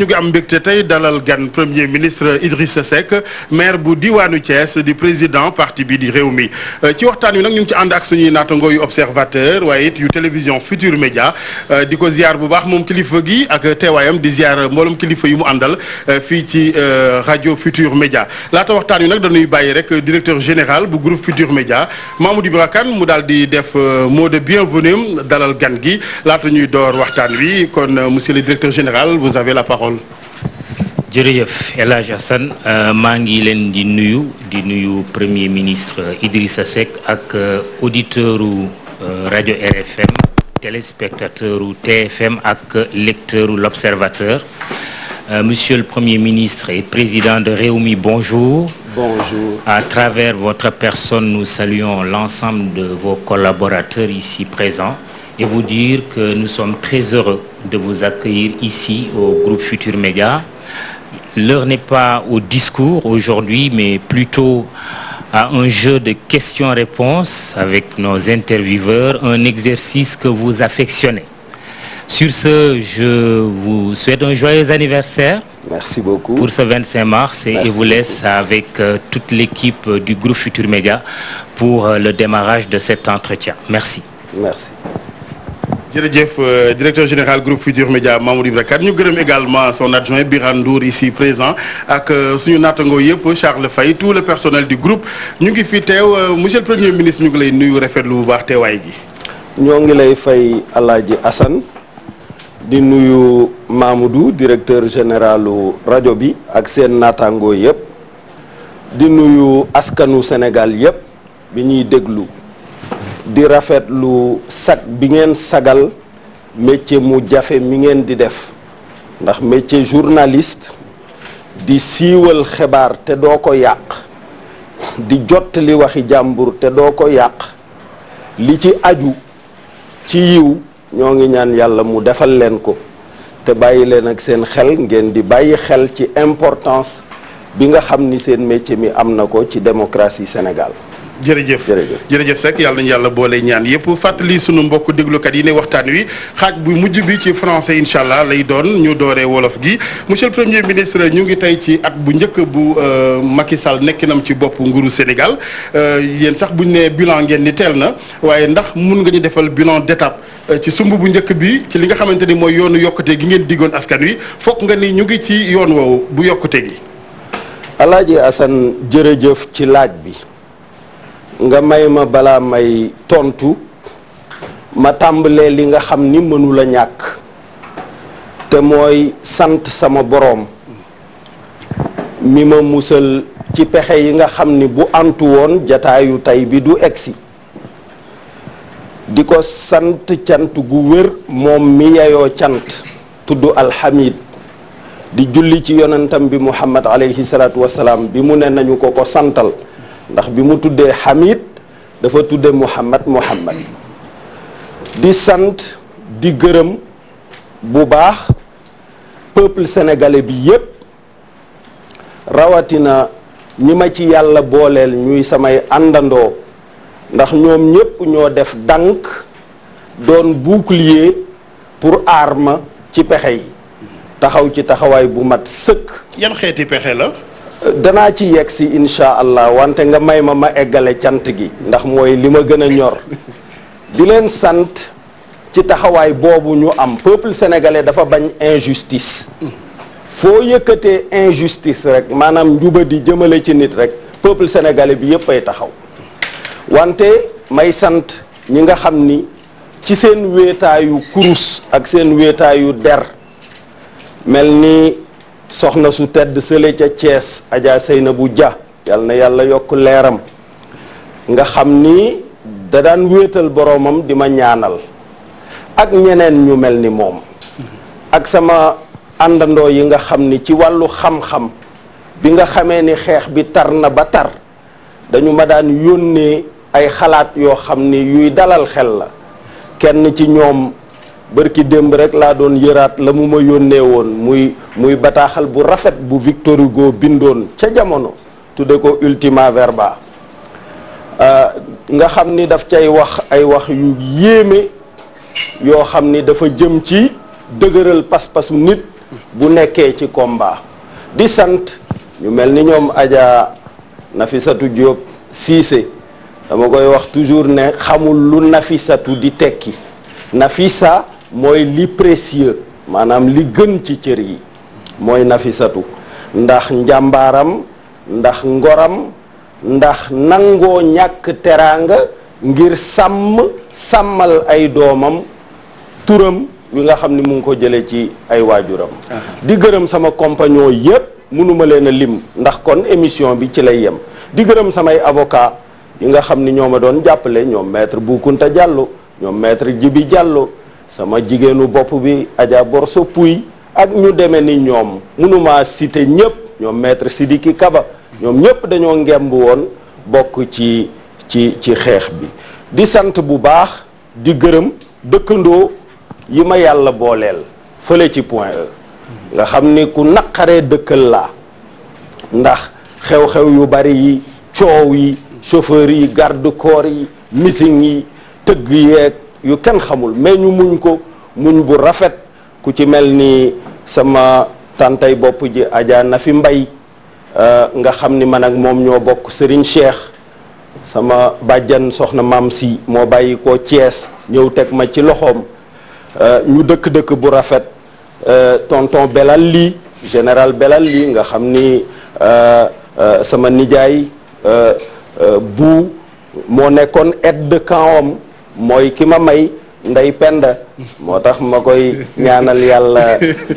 ñu ngi am mbégte tey dalal gan premier ministre Idrissa Seck maire bu diwaanu Thiès di président parti bi di réew mi euh, ci waxtaan wi nag ñu ci ànd ak suñuy naataango yu observateur waaye it yu télévision Futur Média euh, di ko ziar bu baax moom kilifa gi ak teewaayam di ziar mbooloom kilifa yi mu àndal euh, fii ci rajo Futur Média laata waxtaan wi nag dañuy bàyyi rek directeur général bu groupe Futur Média Mamadou Ibra Kane mu daal di def mot de bienvenue dalal gan gi laata ñuy door waxtaan wi kon monsieur le directeur général vous avez lool. jërëjëf El Hadj Assane euh, maa ngi leen di nuyu di nuyu premier ministre Idrissa Seck ak euh, auditeur u euh, rajo RFM téléspectateur u TFM ak lecteur u l'Observateur Monsieur le Premier ministre et président de Réumi, bonjour. Bonjour. À travers votre personne, nous saluons l'ensemble de vos collaborateurs ici présents et vous dire que nous sommes très heureux de vous accueillir ici au groupe Futur Média. L'heure n'est pas au discours aujourd'hui, mais plutôt à un jeu de questions-réponses avec nos intervieweurs, un exercice que vous affectionnez. Sur ce, je vous souhaite un joyeux anniversaire. Merci beaucoup. Pour ce 25 mars et, et vous laisse euh, euh, Média pour euh, le démarrage de cet entretien. Merci. Merci. jërëjëf euh, directeur général groupe Futur Média Mamour Ibra Kane ñu gërëm également son adjoint Birane Ndour ici présent ak euh, suñu naattango yëpp Charles Faye tout le personnel du groupe ñu ngi fi teew euh, monsieur le premier ministre ñu ngi lay nuyu rafetlu bu baax teewaay gi. ñoo ngi lay fay ji Assane di nuyu Mamoudou directeur généralu rajo bi ak seen naataango yëpp di nuyu askanu Sénégal yëpp bi ñuy déglu. di rafetlu sag bi ngeen sagal métier mu jafe mi ngeen di def ndax métier journaliste di siiwal xibaar te doo ko yàq di jottali waxi jàmbur te doo ko yàq li ci aju ci yiw ñoo ngi ñaan yàlla mu defal leen ko te bàyyi leen ak seen xel ngeen di bàyyi xel ci importance bi nga xam ni seen métier mi am na ko ci démocratie Sénégal jërëjëf jërëjëf jërëjëf yàlla ñu yàlla boole ñaan yëpp fàttali suñu mbokk déglukat yi ne waxtaan wi xaaj bu mujj bi ci français incha allah lay doon ñu dooree wolof gi monsieur le premier ministre ñu ngi tey ci at bu njëkk bu euh, Macky Sall nekkinam ci bopp nguuru Sénégal euh, yéen sax buñ nee bilan ngeen ni teel na waaye ndax mun nga ñu defal bilan d'étape euh, ci sumb bu njëkk bi ci li nga xamante ni mooy yoonu yokkute gi ngeen diggoon askan wi foog nga ni ñu ngi ci yoon woowu bu yokkute gi. Alaaji jërëjëf ci laaj bi. nga may ma balaa may tontu ma tàmbalee li nga xam ni mënula ñàkk te mooy sant sama boroom mi ma musal ci pexe yi nga xam ni bu antu woon jataayu tey bi du egsi di ko sant cant gu wér moom mi yayoo cant tudd alxamid di julli ci yonentam bi muhammad aleyhi salaatu wasalaam bi mu ne nañu ko ko santal ndax bi mu tuddee Hamid dafa tudde Muhammad Muhammad di sant di gërëm bu baax peuple sénégalais bi yépp rawatina ñi ma ci yàlla booleel ñuy samay àndandoo ndax ñoom ñépp ñoo def dànk doon bouclier pour aar ma ci pexe yi taxaw ci taxawaay bu mat sëkk yan xeeti pexe la danaa ci yegg si incha allah wante nga may ma ma eggale cant gi ndax mooy li ma gën a ñor di leen sant ci taxawaay boobu ñu am peuple sénégalais dafa bañ injustice foo yëkkatee injustice rek maanaam di jëmale ci nit rek peuple sénégalais bi yëpp ay taxaw wante may sant ñi nga xam ni ci seen wéetaayu kurus ak seen wéetaayu der mel ni soxna su tedd sële ca cees Thiès Adja bu Dia yal na yàlla yokk leeram nga xam ni da daan wéetal boroomam di ma ñaanal ak ñeneen ñu mel ni moom ak sama àndandoo yi nga xam ni ci wàllu xam-xam bi nga xamee ni xeex bi tar na ba tar dañu ma daan yónnee ay xalaat yoo xam ni yuy dalal xel la kenn ci ñoom bërki démb rek laa doon yëraat la mu ma yónnee woon muy muy bataaxal bu rafet bu Victor Hugo bindoon ca jamono tudde ko ultima verba euh, nga xam ni daf cay wax ay wax yu yéeme yoo xam ni dafa jëm ci dëgëral pas-pasu nit bu nekkee ci komba di sant ñu mel ni ñoom Adja Nafisatu Diop Cissé dama koy wax toujours ne xamul lu Nafisatu di tekki Nafisa mooy li précieux maanaam li gën ci cër yi mooy nafisatu ndax njàmbaaram ndax ngoram ndax nangoo ñàkk teraanga ngir sàmm sàmmal ay doomam turam wi nga xam ni mu ngi ko jële ci ay waajuram ah. di gërëm sama compagnon yépp mënuma leen a lim ndax kon émission bi ci lay yem di gërëm samay avoca yi nga xam ni ñoo ma doon jàppale ñoom maître Boukounta Diallo ñoom maître jibi Diallo sama jigéenu bopp bi Adja Borso Pouy ak ñu demee ni ñoom mënumaa citer ñëpp ñoom maître Sidiki Kaba ñoom ñëpp dañoo ngemb woon bokk ci ci ci xeex bi di sant bu baax di gërëm dëkkandoo yi ma yàlla booleel fële ci point E nga xam ni ku naqaree dëkkal la ndax xew-xew yu bari yi coow yi chauffeur yi garde corps yi meeting yi tëgg yeeg yu kenn xamul mais ñu muñ ko muñ bu rafet ku ci mel ni sama tàntay bopp ji Adja fi Mbay euh, nga xam ni man moom ñoo bokk Serigne Cheikh sama bàjjan soxna maam si moo bàyyi ko Thiès ñëw teg ma ci loxoom euh, ñu dëkk-dëkk bu rafet euh, tonton Belal lii général Belal lii nga xam ni sama nijaay bu moo nekkoon aide de camp am mooy ki ma may ndey penda moo tax ma koy ñaanal yàlla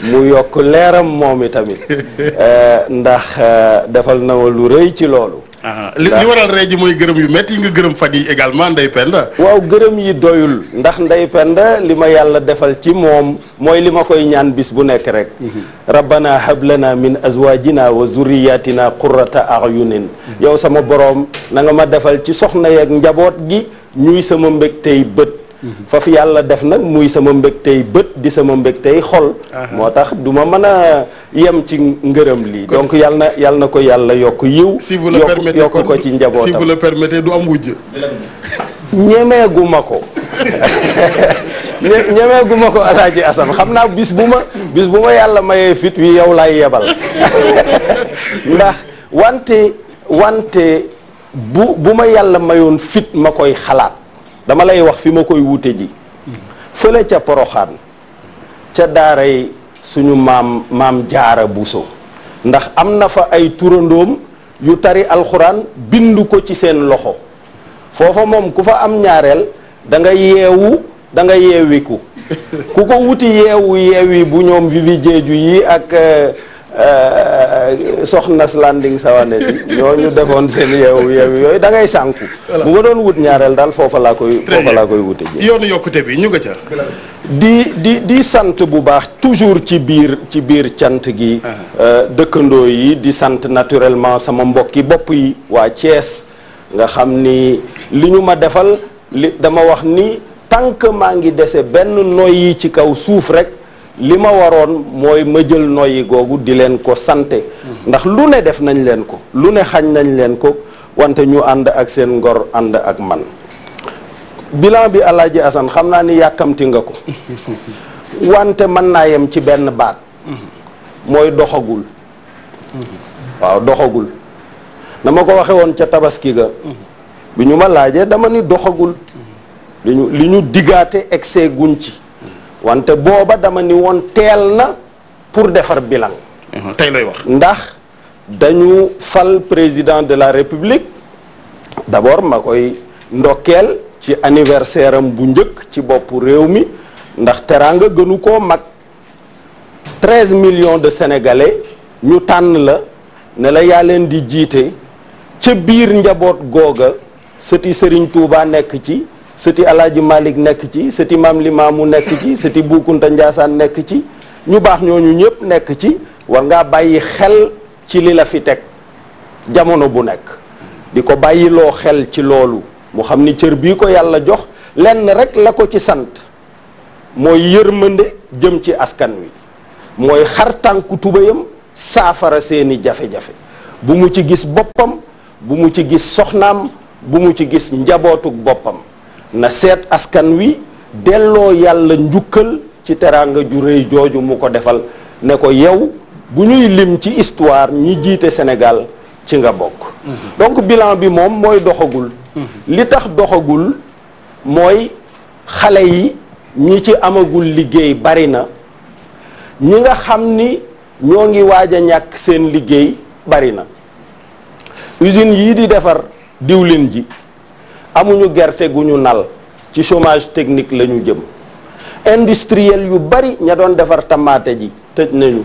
mu yokk leeram moom itamit eh, ndax eh, defal na ma lu rëy ci loolu ah, li waral ree ji mooy gërëm yu metti yi nga gërëm fan yi également ndey penda waaw gërëm yi doyul ndax ndey penda li ma yàlla defal ci moom mooy li ma koy ñaan bis bu nekk rek mhm. rabbana hablana min azwajina wa zurriyatina qurrata a'yunin mhm. yow sama boroom na nga ma defal ci soxna yeeg njaboot gi ñuy sama mbégtey bët mhm. faf yàlla def na muy sama mbégtey bët di sama tey xol moo tax duma mën a yem ci ngërëm lii donc yàlla na yàl na ko yàlla yokk yiw si vous yokk ko ci njabootam si vous le ñemeeguma ko ñemeeguma ko alaaji Asan xam naa bis bu ma bis bu ma yàlla mayee fit wi yow laay yebal ndax wante wante bu bu ma yàlla mayoon fit ma koy xalaat dama lay wax fi ma koy wute ji fële ca poroxaan ca daaray suñu maam maam jaara buso ndax am na fa ay turandoom yu tari alxuraan bind ko ci seen loxo foofa moom ku fa am ñaareel da nga yeewu da yeewiku ku ko wuti yeewu yeewi bu ñoom vivi jeeju yi ak euh, Euh, soxna landing sawane si ñooñu defoon seen yeew yeew yooyu dangay ngay sànku bu ma doon wut ñaareel daal foofa laa koy foofa laa koy wute ji ñu nga ca di di di sant bu baax toujours ci biir ci biir cant gi ah. euh, dëkkandoo yi di sant naturellement sama mbokki bopp yi waa cees nga xam ni li ñu ma defal dama wax ni tant maa ngi dese benn yi ci kaw suuf rek li ma waroon mooy ma jël noyyi googu di leen ko sante ndax lu ne def nañ leen ko lu ne xañ nañ leen ko wante ñu ànd ak seen ngor ànd ak man bilan bi Alaaji Asan xam naa ni yàkkamti nga ko wante mën naa yem ci benn baat mooy doxagul waaw doxagul na ma ko waxe woon ca tabaski ga bi ñu ma laajee dama ni doxagul li ñu li diggaate egsee guñ ci wante booba dama ni woon teel na pour defar bilan. Mhm, tey lay wax. ndax dañu fal président de la république d'abord ma koy ndokkeel ci anniversaire am bu njëkk ci boppu réew mi ndax teraanga gënu ko mag 13 million de sénégalais ñu tànn la ne la yaa leen di jiite ca biir njaboot googa sëti Serigne Touba nekk ci. sëti alaaji Malick nekk ci sëti maam Limaamu nekk ci sëti Buukunta Njaasaan nekk ci ñu baax ñooñu ñëpp nekk ci war nga bàyyi xel ci li la fi teg jamono bu nekk di ko bàyyiloo xel ci loolu mu xam ni cër bii ko yàlla jox lenn rek la ko ci sant mooy yërmande jëm ci askan wi mooy xar tànku tubayam saafara seeni jafe-jafe bu mu ci gis boppam bu mu ci gis soxnaam bu mu ci gis njabootuk boppam na seet askan wi delloo yàlla njukkal ci teraanga ju rëy jooju mu ko defal ne ko yow bu ñuy lim ci histoire ñi jiite Sénégal ci nga bokk mhm. donc bilan bi moom mooy doxagul mhm. li tax doxagul mooy xale yi ñi ci amagul liggéey bari na ñi nga xam ni ñoo ngi waaj a ñàkk seen liggéey bari na usines yii di defar diwlin ji amuñu gerte gu ñu nal ci chômage technique la ñu jëm industriel yu bari ña doon defar tamaate ji tëj nañu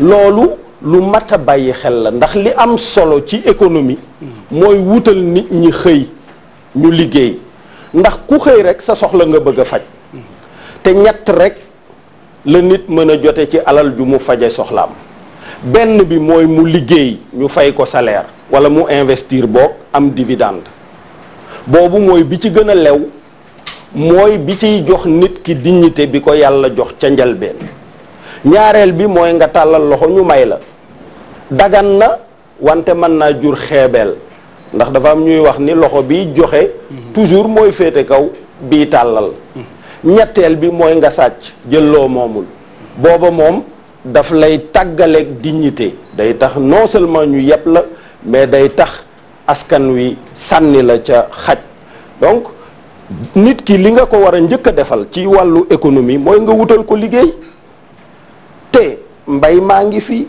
loolu lu mat a bàyyi xel la ndax li am solo ci économie mooy wutal nit ñi xëy ñu liggéey ndax ku xëy rek sa soxla nga bëgg a faj te ñett rek la nit mën a jote ci alal ju mu faje soxlaam benn bi mooy mu liggéey ñu fay ko salaire wala mu investir boog am dividende boobu mooy bi ci gën a lew mooy bi ciy jox nit ki dignité bi ko yàlla jox ca njalbeen ñaareel bi mooy nga tàllal loxo ñu may la dagan na wante mën naa jur xeebeel ndax dafa am ñuy wax ni loxo bi joxe toujours mooy féete kaw bii tàllal ñetteel bi mooy nga sàcc jëlloo moomul booba moom daf lay tàggaleeg dignité day tax non ñu yeb la mais day tax askan wi sànni la ca xaj donc nit ki li nga ko war a njëkk a defal ci wàllu économie mooy nga wutal ko liggéey te mbay maa ngi fi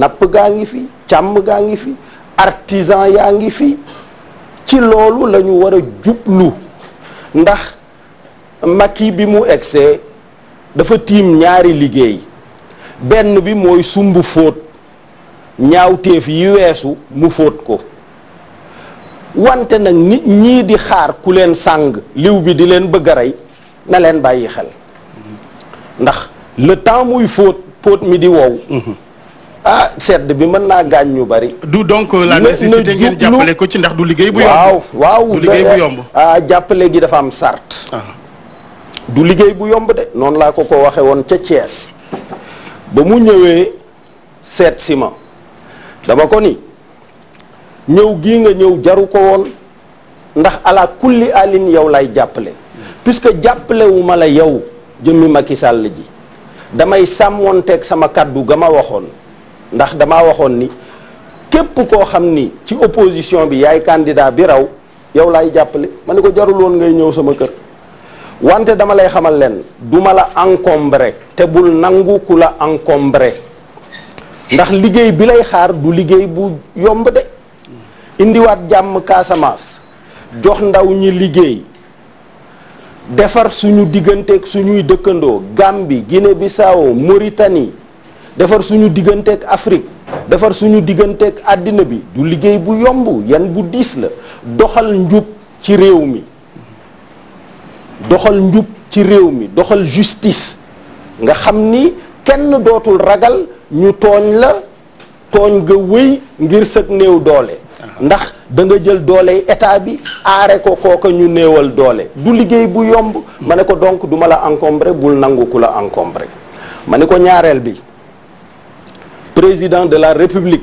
napp gaa ngi fi càmm gaa ngi fi artisan yaa ngi fi ci loolu lañu ñu war a jublu ndax Macky bi mu egsee dafa tiim ñaari liggéey benn bi mooy sumb fóot ñaawteef yi weesu mu fóot ko wante nag nit ñii di xaar ku leen sàng liw bi di leen bëgg rey na leen bàyyi xel ndax le temps muy fóot póot mi di wow mhm. ah sedd bi mën naa gaañ ñu bari du donc euh, la nécessité ngeen jàppale ko ci ndax du liggéey bu yomb waaw waaw yomb ah jàppale gi dafa am sart ah. du liggéey bu yomb de noonu laa ko ko waxe woon ca Thiès ba mu ñëwee seet si ma dama ko ni ñëw gii nga ñëw jaru ko woon ndax ala alin yow lay jàppale puisque jàppalewu ma la yow jëmmi Macky Sall ji damay sàmmoonteeg sama kàddu ga ma waxoon ndax dama waxoon ni képp koo xam ni ci opposition bi yaay candidat bi raw yow laay jàppale ma ne ko jarul ngay ñëw sama kër wante dama lay xamal leen duma la encombré te bul nangu ku la encombré ndax liggéey bi lay xaar du liggéey bu yomb de indiwaat jàmm Casamance jox ndaw ñi liggéey defar suñu digganteeg suñuy dëkkandoo Gambie Guinée Bissau moritani defar suñu digganteeg Afrique defar suñu digganteeg àddina bi du liggéey bu yomb yen bu diis la doxal njub ci réew mi doxal njub ci réew mi doxal justice nga xam ni kenn dootul ragal ñu tooñ la tooñ nga wéy ngir sëg néew doole ndax da nga jël doole état bi aare ko kooka ñu néewal doole du liggéey bu yomb ma ne ko donc du ma la encombré bul nangu ku la encombre ma ne ko ñaareel bi président de la république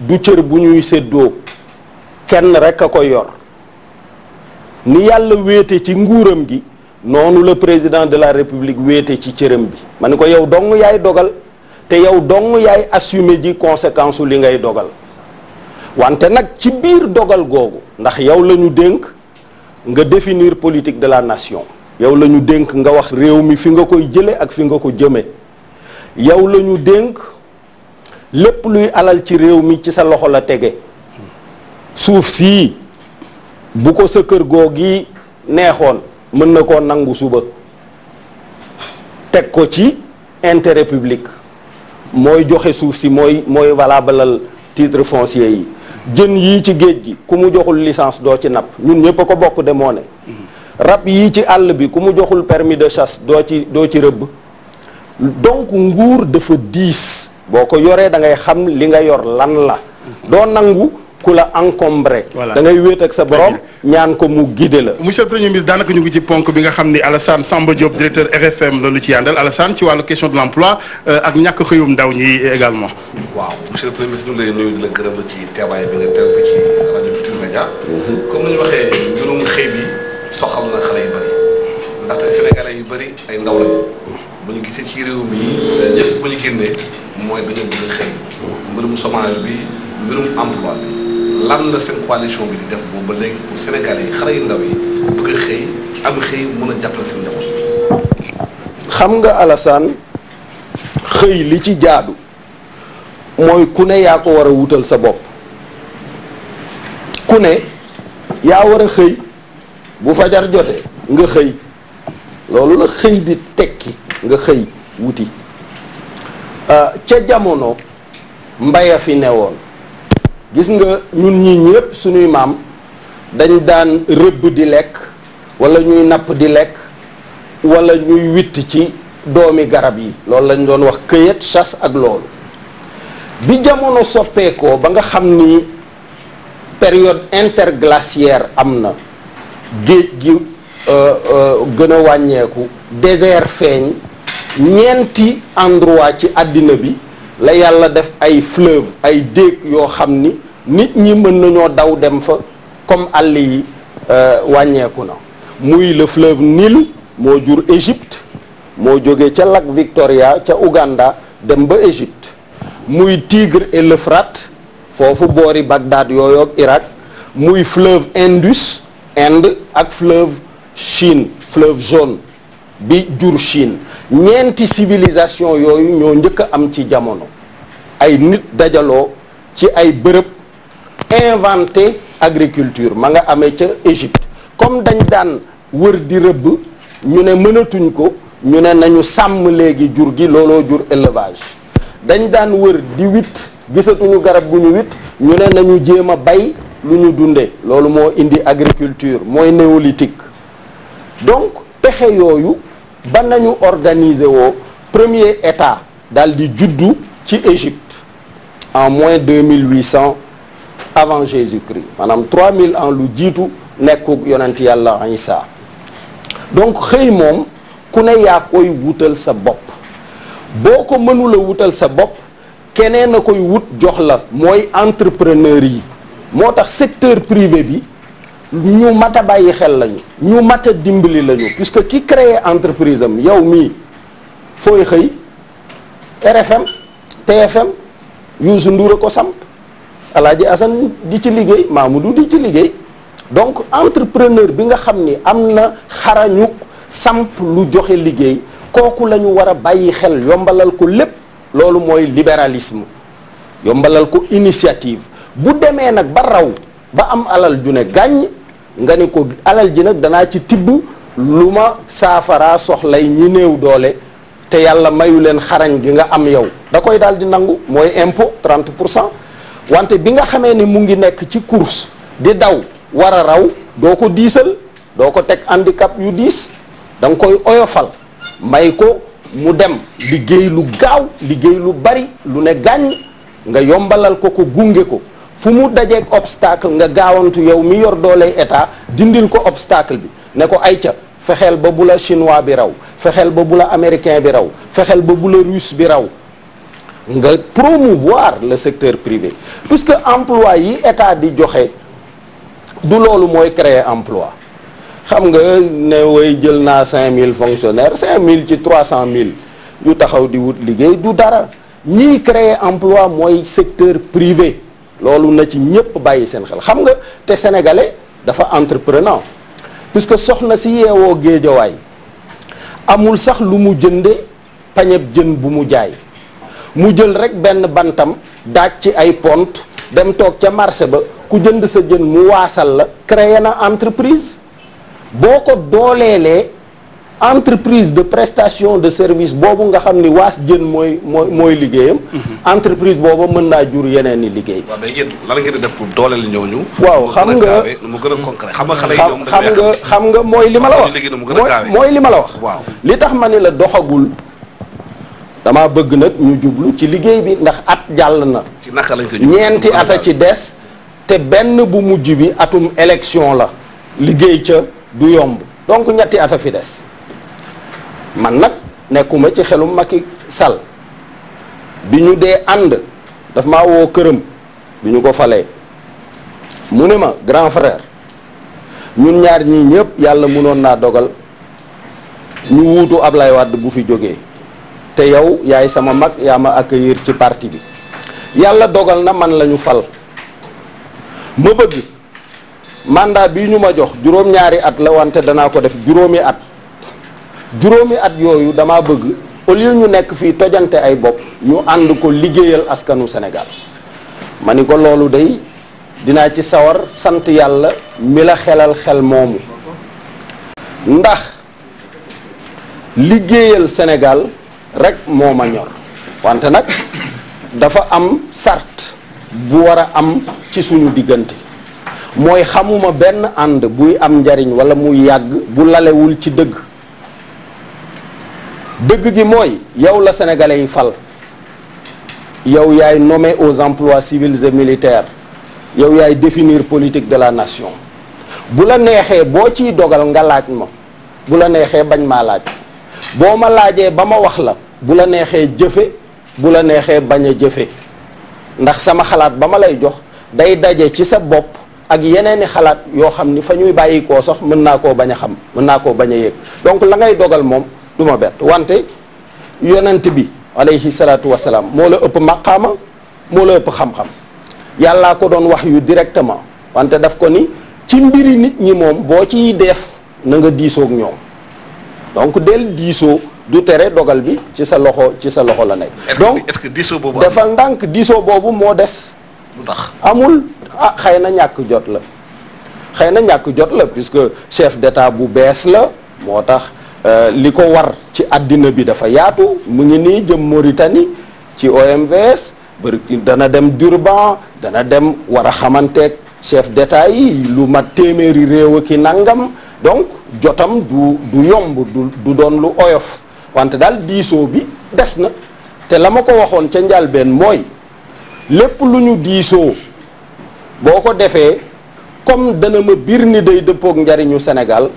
du cër bu ñuy séddoo kenn rek a ko yor ni yàlla wéete ci nguuram gi noonu la président de la république wéete ci cëram bi ma ne ko yow dong yaay dogal te yow dong yaay assumer ji conséquence li ngay dogal wante nag ci biir dogal googu ndax yow lañu dénk nga définir politique de la nation yow la ñu dénk nga wax réew mi fi nga koy jële ak fi nga ko jëme yow lañu dénk lépp luy alal ci réew mi ci sa loxo la tege suuf sii bu ko sa kër googi neexoon mën na ko nangu suba teg ko ci intérêt publique mooy joxe suuf si mooy mooy valabalal titre foncier yi jën yii ci géej gi ku mu joxul licence doo ci napp ñun ñëpp a ko bokk de moo ne rab yii ci àll bi ku mu joxul permis de chasse doo ci doo ci rëbb donc nguur dafa diis boo ko yoree da ngay xam li nga yor lan la doo nangu ku la encombré. da ngay wéet ak sa borom ñaan ko mu guidé la. monsieur le premier ministre daanaka ñu ngi ci ponk bi nga xam ni Alassane Samba Diop directeur RFM loolu ci yàndal Alassane ci wàllu question de l' emploi euh, ak ñàkk xëyum ndaw ñi également. waaw monsieur le premier ministre ñu lay nuyu di ci teewaay bi nga teew ko ci rajo Futurs Médias. Mhm. comme ni bi soxal na xale yu bëri ndaxte sénégalais yu bëri ay ndaw lañu bu ñu gisee ci réew mi ñëpp bu ñu génnee mooy dañoo bëgg a xëy mhm. mbirum chômage bi mbirum emploi bi lan la seen coalition bi di def boobu ba léegi pour Sénégalais yi xale yu ndaw yi bëgg a xëy am xëy mën a jàppale seen njaboot. xam nga Alassane xëy li ci jaadu mooy ku ne yaa ko war a wutal sa bopp ku ne yaa war a xëy bu fajar jotee nga xëy loolu la xëy di tekki nga xëy wuti ah, ca jamono mbaya fi newoon. gis nga ñun ñii ñëpp suñuy maam dañ daan rëbb di lekk wala ñuy napp di lekk wala ñuy witt ci doomi garab yi loolu lañ doon wax cueillette chasse ak loolu bi jamono soppeekoo ba nga xam ni période interglaciaire am na géej gi euh, euh, gën a wàññeeku désert feeñ ñeenti endroit ci àddina bi la yàlla def ay fleuve ay déeg yoo xam ni nit ñi mën nañoo daw dem fa comme àll yi euh, wàññeeku na muy le fleuve Nil moo jur Égypte moo jóge ca lac Victoria ca Ouganda dem ba Égypte muy Tigre et l'Euphrate foofu boori Bagdad yooyu ak Irak muy fleuve Indus Inde ak fleuve Chine fleuve jaune bi jur Chine ñeenti civilisation yooyu ñoo njëkk a am ci jamono ay nit dajaloo ci ay bërëb inventé agriculture ma nga amee ca Égypte comme dañ daan wër di rëbb ñu ne mënatuñ ko ñu ne nañu sàmm léegi jur gi looloo jur élevage dañ daan wër di witt gisatuñu garab gu ñu witt ñu ne nañu jéem a bay lu ñu dundee loolu moo indi agriculture mooy néolithique donc pexe yooyu ba nañu organiser woo premier état daal di juddu ci Égypte en moins 2800 avant Jésus-Christ maanaam mille ans lu jiitu nekku yonent yàlla Isa donc xëy moom ku ne yaa koy wutal sa bopp boo ko mënula wutal sa bopp keneen a koy wut jox la mooy entrepreneur yi moo tax secteur privé bi ñu mat a bàyyi xel lañu ñu mat a dimbali lañu que ki créer entreprise am yow mii fooy xëy RFM TFM Youssou Ndour a ko samp Alaaji Asan di ci liggéey du di ci liggéey donc entrepreneur bi nga xam ni am na xarañu samp lu joxe liggéey kooku la ñu war a bàyyi xel yombalal ko lépp loolu mooy libéralisme yombalal ko initiative bu demee nag ba raw ba am alal ju ne gàññ nga ne ko alal ji nag danaa ci tibb lu ma saafaraa soxlay ñi néew doole te yàlla mayu leen xarañ gi nga am yow da koy daal di nangu mooy impôt 30 pour cent wante bi nga xamee ni mu ngi nekk ci course di daw war a raw doo ko diisal doo ko teg handicap yu diis da nga koy oyofal may ko mu dem liggéey lu gaaw liggéey lu bari lu ne gàññ nga yombalal ko ko gunge ko fu mu dajeeg obstacle nga gaawantu yow mi yor dooley état dindil ko obstacle bi ne ko ay ca fexeel ba bu la chinois bi raw fexeel ba bu la américain bi raw fexeel ba bu la russe bi raw nga promouvoir le secteur privé puisque emploi yi état di joxe du loolu mooy créer emplois xam nga ne way jël naa 5000 fonctionnaires 5000 ci 300000 yu taxaw di wut liggéey du dara ñiy créer emploi mooy secteur privé loolu na ci ñëpp bàyyi seen xel xam nga te sénégalais dafa entreprenant puisque soxna si yeewoo géejawaay amul sax lu mu jënde pañeb jën bu mu jaay mu jël rek benn bantam daaj ci ay pont dem toog ca marché ba ku jënd sa jën mu waasal la créer na entreprise boo ko dooleelee entreprise de prestation de service boobu nga xam ni waas jën mooy mooy mooy liggéeyam. Mhm. entreprise boobu mën naa jur yeneen i liggéey. waaw mais yéen lan ngeen def pour dooleel ñooñu. waaw xam nga mu gën a concret xam nga xale yi ñoom xam nga xam nga mooy li ma la wax mooy li ma la wax. waaw li tax ma ne la doxagul. dama bëgg nag ñu jublu ci liggéey bi ndax at jàll na. ci naka lañ ko ñeenti at a ci des. te benn bu mujj bi atum élection la. liggéey ca du yomb donc ñetti at a fi des. man nag nekkuma ci xelum Macky sal bi ñu dee ànd daf ma woo këram bi ñu ko falee mu ne ma grand frère ñun ñaar ñii ñëpp yàlla mënoon naa dogal ñu ab lay Wade bu fi jógee te yow yaay sama mag yaa ma accueillir ci partie bi yàlla dogal na man lañu fal ma bëgg mandat bi ñu ma jox juróom-ñaari at la wante danaa ko def juróomi at juróomi at yooyu dama bëgg au lieu nekk fii tojante ay bopp ñu ànd ko liggéeyal askanu senegal ma ni ko loolu day dinaa ci sawar sant yàlla mi la xelal xel moomu ndax liggéeyal senegal rekk moom a ñor wante nag dafa am sart bu war a am ci suñu diggante mooy xamuma benn ànd buy am njariñ wala muy yàgg bu lalewul ci dëgg dëgg gi mooy yow la sénégalais yi fal yow yaay nommé aux emplois civils et militaires yow yaay définir politique de la nation bu la neexee boo ciy dogal nga laaj ma bu la neexee bañ maa laaj boo ma laajee ba ma wax la bu la neexee jëfe bu la neexee bañ a jëfe ndax sama xalaat ba ma lay jox day daje ci sa bopp ak yeneeni xalaat yoo xam ni fa ñuy bàyyi koo sax mën naa koo bañ a xam mën naa koo bañ a yëg donc la ngay dogal moom du bet bett wante yonent bi alayhi salaatu wasalaam moo la ëpp maqaama moo la ëpp xam-xam yàllaa ko doon wax yu directement wante daf ko ni ci mbiri nit ñi moom boo ciy def na nga diisoog ñoom donc del diisoo du tere dogal bi ci sa loxo ci sa loxo la nekk donc est-ce que diisoo boobu dafa ndànk diisoo boobu moo des tax amul ah xëy na ñàkk jot la xëy na ñàkk jot la puisque chef d'état bu bees la moo tax Euh, li ko war ci àddina bi dafa yaatu mu ngi nii jëm Mauritanie ci OMVS bëri dana dem Durban dana dem war a xamanteeg chef d'État yi lu mat téeméeri réew ki nangam donc jotam du yomb du doon lu oyof wante daal diisoo bi des na te la ma ko waxoon ca njalbeen mooy lépp lu ñu diisoo boo ko defee comme dana ma biir ni day dëppook njariñu Sénégal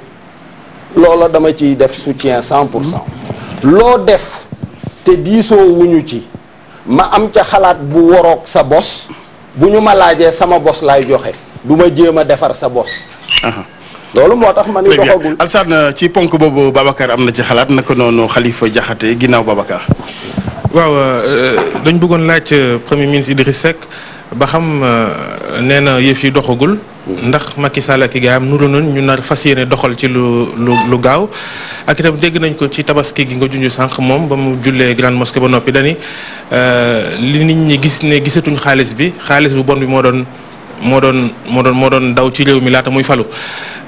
loola dama ciy def soutien cent pour cent loo def te diisoo wuñu ci ma am ca xalaat bu waroog sa bos bu ñu ma laajee sama bos laay joxe du ma jéem a defar sa bos loolu moo tax ma ni doxagul Alassane ci ponk boobu Babacar am na ci xalaat naka noonu xalifa jaxate ginnaaw Babacar waaw euh, dañ bëggoon laaj euh, premier ministre Idriss Seck ba xam euh, nee na yëf yi doxagul. ndax Macky Sall ak i gaayam nuru nañ ñu nar fas yéene doxal ci lu lu lu gaaw ak itam dégg nañ ko ci tabaski gi nga junj sànq moom ba mu jullee grande mosquée ba noppi dani euh, li nit ñi gis ne gisatuñ xaalis bi xaalis bu bon bi moo doon moo doon moo doon moo doon daw ci réew mi laata muy falu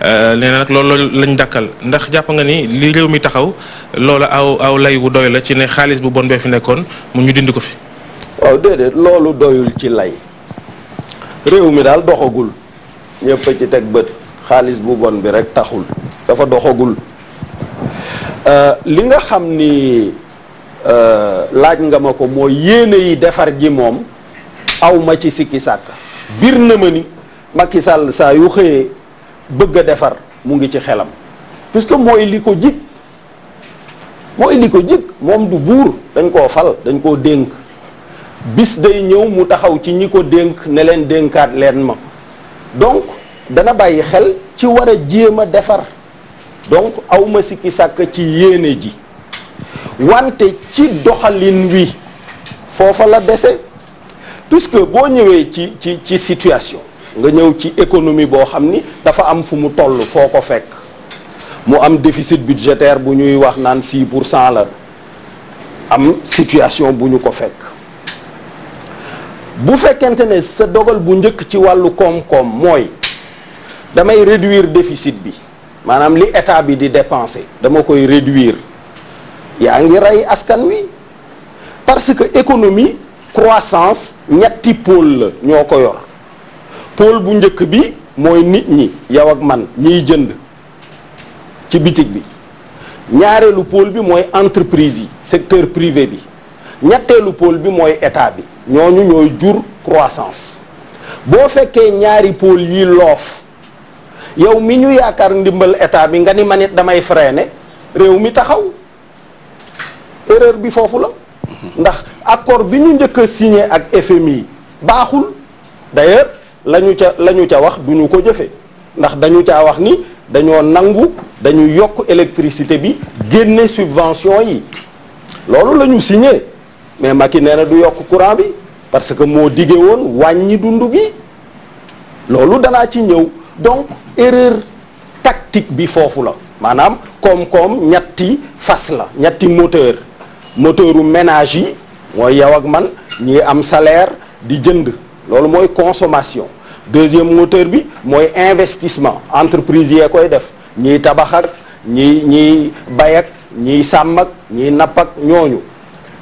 euh, nee na nag loolu lañ dàkkal ndax jàpp nga ni li réew mi taxaw loola aw aw lay wu doy la ci ne xaalis bu bon bee fi nekkoon mu ñu dindi ko fi. waaw déedéet loolu doyul ci lay. réew mi daal doxagul ñëpp ci teg bët xaalis bu bon bi rek taxul dafa doxagul euh, li nga xam ni euh, laaj nga ma ko mooy yéene yi defar ji moom aw ci sikki sàkk bir na ma ni Macky Sall saa yu xëyee bëgg a defar mu ngi ci xelam puisque mooy li ko jig ko jig moom du buur dañ koo fal dañ koo dénk bis day ñëw mu taxaw ci ñi ko dénk ne leen dénkaat leen ma donc dana bàyyi xel ci war a jéem a defar donc awma sikki sàkk ci yéene ji wante ci doxalin wi foofa la dese puisque boo ñëwee ci ci ci situation nga ñëw ci économie boo xam ni dafa am fu mu toll foo ko fekk mu am déficit budgétaire bu ñuy wax naan 6 pour cent la am situation bu ñu ko fekk bu fekkente ne sa dogal bu njëkk ci wàllu koom-koom mooy damay réduire déficit bi maanaam li état bi di dépensé dama koy réduire yaa ngi rey askan wi parce que économie croissance ñetti pôle la ñoo ko yor pôle bu njëkk bi mooy nit ñi yow ak man ñiy jënd ci bitig bi ñaareelu pôle bi mooy entreprise yi secteur privé bi ñetteelu pôle bi mooy état bi ñooñu ñooy jur croissance boo fekkee ñaari pôle yi loof yow mi ñu yaakaar ndimbal état bi nga ni man it damay freiner réew mi taxaw erreur bi foofu la ndax accord bi ñu njëkk a signé ak FMI baaxul d'ailleurs la ca la ñu ca wax du ñu ko jëfe ndax dañu ca wax ni dañoo nangu dañu yokk électricité bi génne subvention yi loolu lañu ñu mais Macky nee na du yokk courant bi parce que moo diggee woon wàññi dundu gi loolu danaa ci ñëw donc erreur tactique bi foofu la maanaam koom-koom ñetti fas la ñetti moteur moteuru ménage yi mooy yow ak man ñii am salaire di jënd loolu mooy consommation deuxième moteur bi mooy investissement entreprise yee koy def ñiy tabaxak ak ñi ñiy bay ak ñiy sàmm ak ñiy ñooñu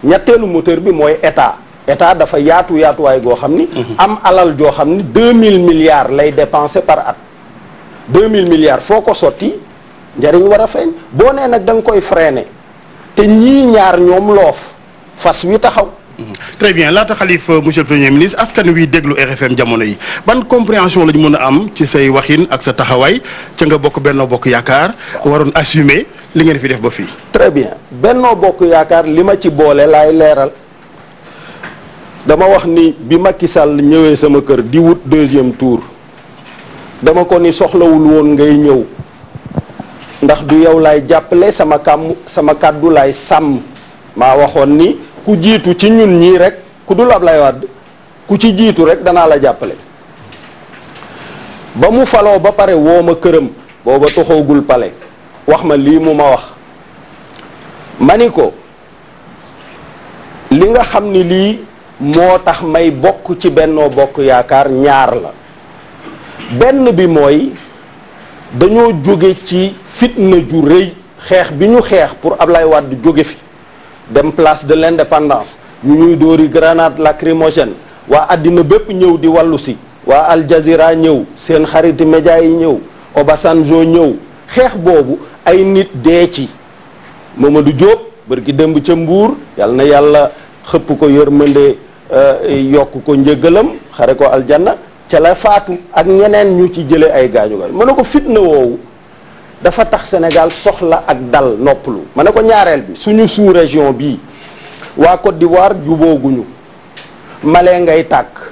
ñetteelu moteur bi mooy état état dafa yaatu yaatuwaay goo xam ni. Mhm. am alal joo xam ni 2000 milliards lay dépensé par at. deux mille milliards foo ko sotti njëriñ war a feeñ boo nee nag da nga koy freiner te ñii ñaar ñoom loof fas wi taxaw. très bien laata xalif monsieur le premier ministre askan wi déglu RFM jamono yi ban compréhension la ñu mën a am ci say waxin ak sa taxawaay ca nga bokk Benno Bokk Yaakaar waroon assumer li ngeen fi def ba fii. très bien Benno Bokk Yaakaar li ma ci boole laay leeral dama wax ni bi Macky Sall ñëwee sama kër di wut deuxième tour dama ko ni soxlawul woon ngay ñëw ndax du yow laay jàppale sama kàmm sama kàddu laay sàmm maa waxoon ni. ku jiitu ci ñun ñii rekk ku dul Ablaye Wade ku ci jiitu rekk danaa la jàppale ba mu faloo ba pare woo ma këram booba toxoogul pale wax ma lii mu ma wax ma ni ko li nga xam ni lii moo tax may bokk ci Benno Bokk Yaakaar ñaar la benn bi mooy dañoo jóge ci fitna ju rëy xeex bi ñu xeex pour Ablaye Wade jóge fi dem place de l'indépendance ñu ñuy dóori grenade lacrymogène waa àddina bépp ñëw di wàllu si waa Al ñëw seen xariti média yi ñëw Obasanjo ñëw xeex boobu ay nit dee ci Mamadou Diop gi démb ca Mbuur yàlla na yàlla xëpp ko yërmande euh, yokk ko njëgalam xare ko aljanna ca la faatu ak ngeneen ñu ci jële ay gaañu gaañu mën na ko fitna woowu dafa tax Sénégal soxla ak dal noppalu ma ne ko ñaareel bi suñu sous région bii waa Côte d'Ivoire jubooguñu Mali ngay tàkk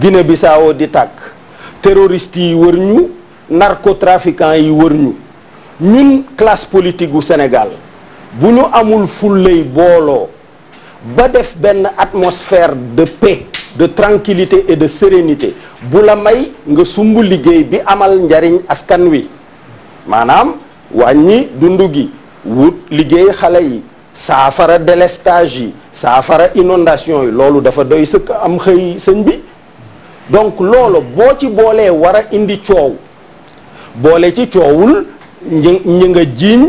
Guinée Bissau di tàkk terorist yi wër ñu narcotrafiquants yi wër ñu ñun classe politique gu Sénégal bu ñu amul fullay booloo ba def benn atmosphère de paix de tranquillité et de sérénité bu la may nga sumb liggéey bi amal njariñ askan wi maanaam wàññi dundu gi wut liggéey xale yi saafara délestage yi saafara inondation yi loolu dafa doy sëkk am xëy sëñ bi donc loolu boo ci boolee war a indi coow boole ci coowul ñi ñi nga jiiñ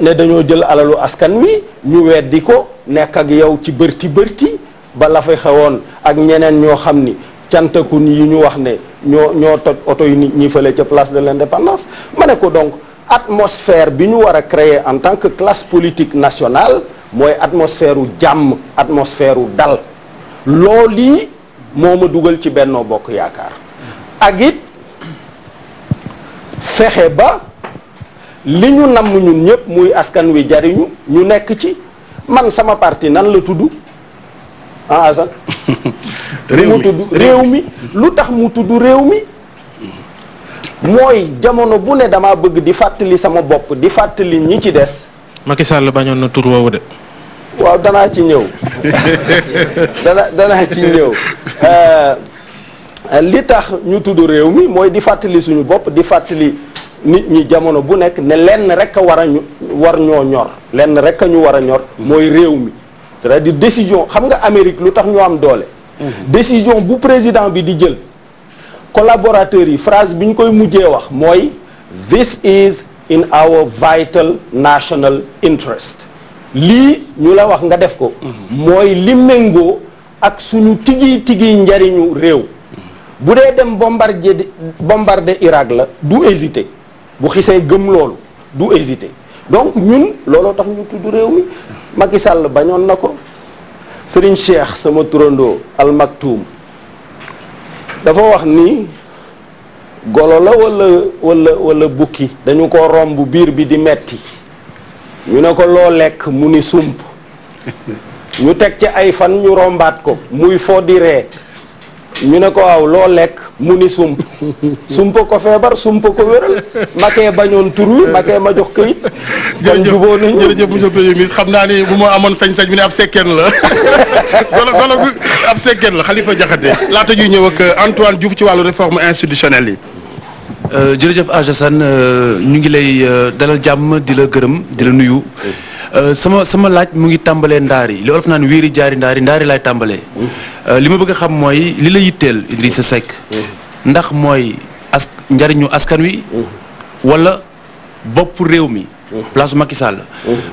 ne dañoo jël alalu askan wi ñu weddi ko nekk ak yow ci bërti bërti ba la xewoon ak ñeneen ñoo xam ni cantakun yi ñu wax ne ñoo ñoo toj oto yi nit ñi fële ca place de l'indépendance ma ne ko donc atmosphère bi ñu war a créer en tant que classe politique nationale mooy atmosphère u jàmm atmosphère u dal lool yi moo ma dugal ci Benno Bokk Yaakaar ak it fexe ba li ñu nam ñun ñëpp muy askan wi jariñu ñu nekk ci man sama parti nan la tudd ah Assane mu réew mi lu tax mu tudd réew mi mooy jamono bu ne damaa bëgg di fàttali sama bopp di fàttali ñi ci des Macky Sall bañoon na tur woowu de waaw danaa ci ñëw dana danaa ci ñëw euh, li tax ñu tudd réew mi mooy di fàttali suñu bopp di fàttali nit ñi jamono bu nekk ne lenn rek a war a ñu war ñoo ñor lenn rek a ñu war a ñor mooy réew mi c'est-à-dire décision xam nga Amérique lu tax ñu am doole décision bu président bi di jël collaborateurs yi phrase bi ñu koy mujjee wax mooy this is in our vital national interest lii ñu la wax nga def ko mooy li méngoo ak suñu tigi tigi njariñu réew bu dee dem bombarde bombarder Irak la du hésiter bu xisee gëm loolu du hésiter donc ñun looloo tax ñu tudd réew mi Macky Sall bañoon na ko sëriñ Cheikh sama turandoo almaktuum dafa wax ni golo la walla wala wala bukki dañu ko romb biir bi di metti ñu ne ko loo lekk mu ni sump ñu teg ci ay fan ñu rombaat ko muy fo di ree ñu ne ko waaw loo lekk mu ni sump sump ko feebar sump ko wéral makee bañoon tur wi ma jox këyit kon juboo nañ jërëjëf monsieur xam naa ni bu mu amoon sañ-sañ bi ne ab sekkeen la golo golo ab sekkeen la Khalifa Diakhaté laata ñuy ñëw ak euh, Antoine Diouf ci wàllu réforme institutionnelle yi euh, jërëjëf Aja San euh, ñu ngi lay dalal jàmm di la gërëm di la nuyu Euh, sama sama laaj mu ngi tàmbalee ndaar yi li olof naan wiiri jaari ndaari yi laay tàmbalee. Euh, li ma bëgg a xam mooy li la yitteel sa Seck. ndax mooy as njariñu askan wi. walla bopp réew mi. place Macky Sall.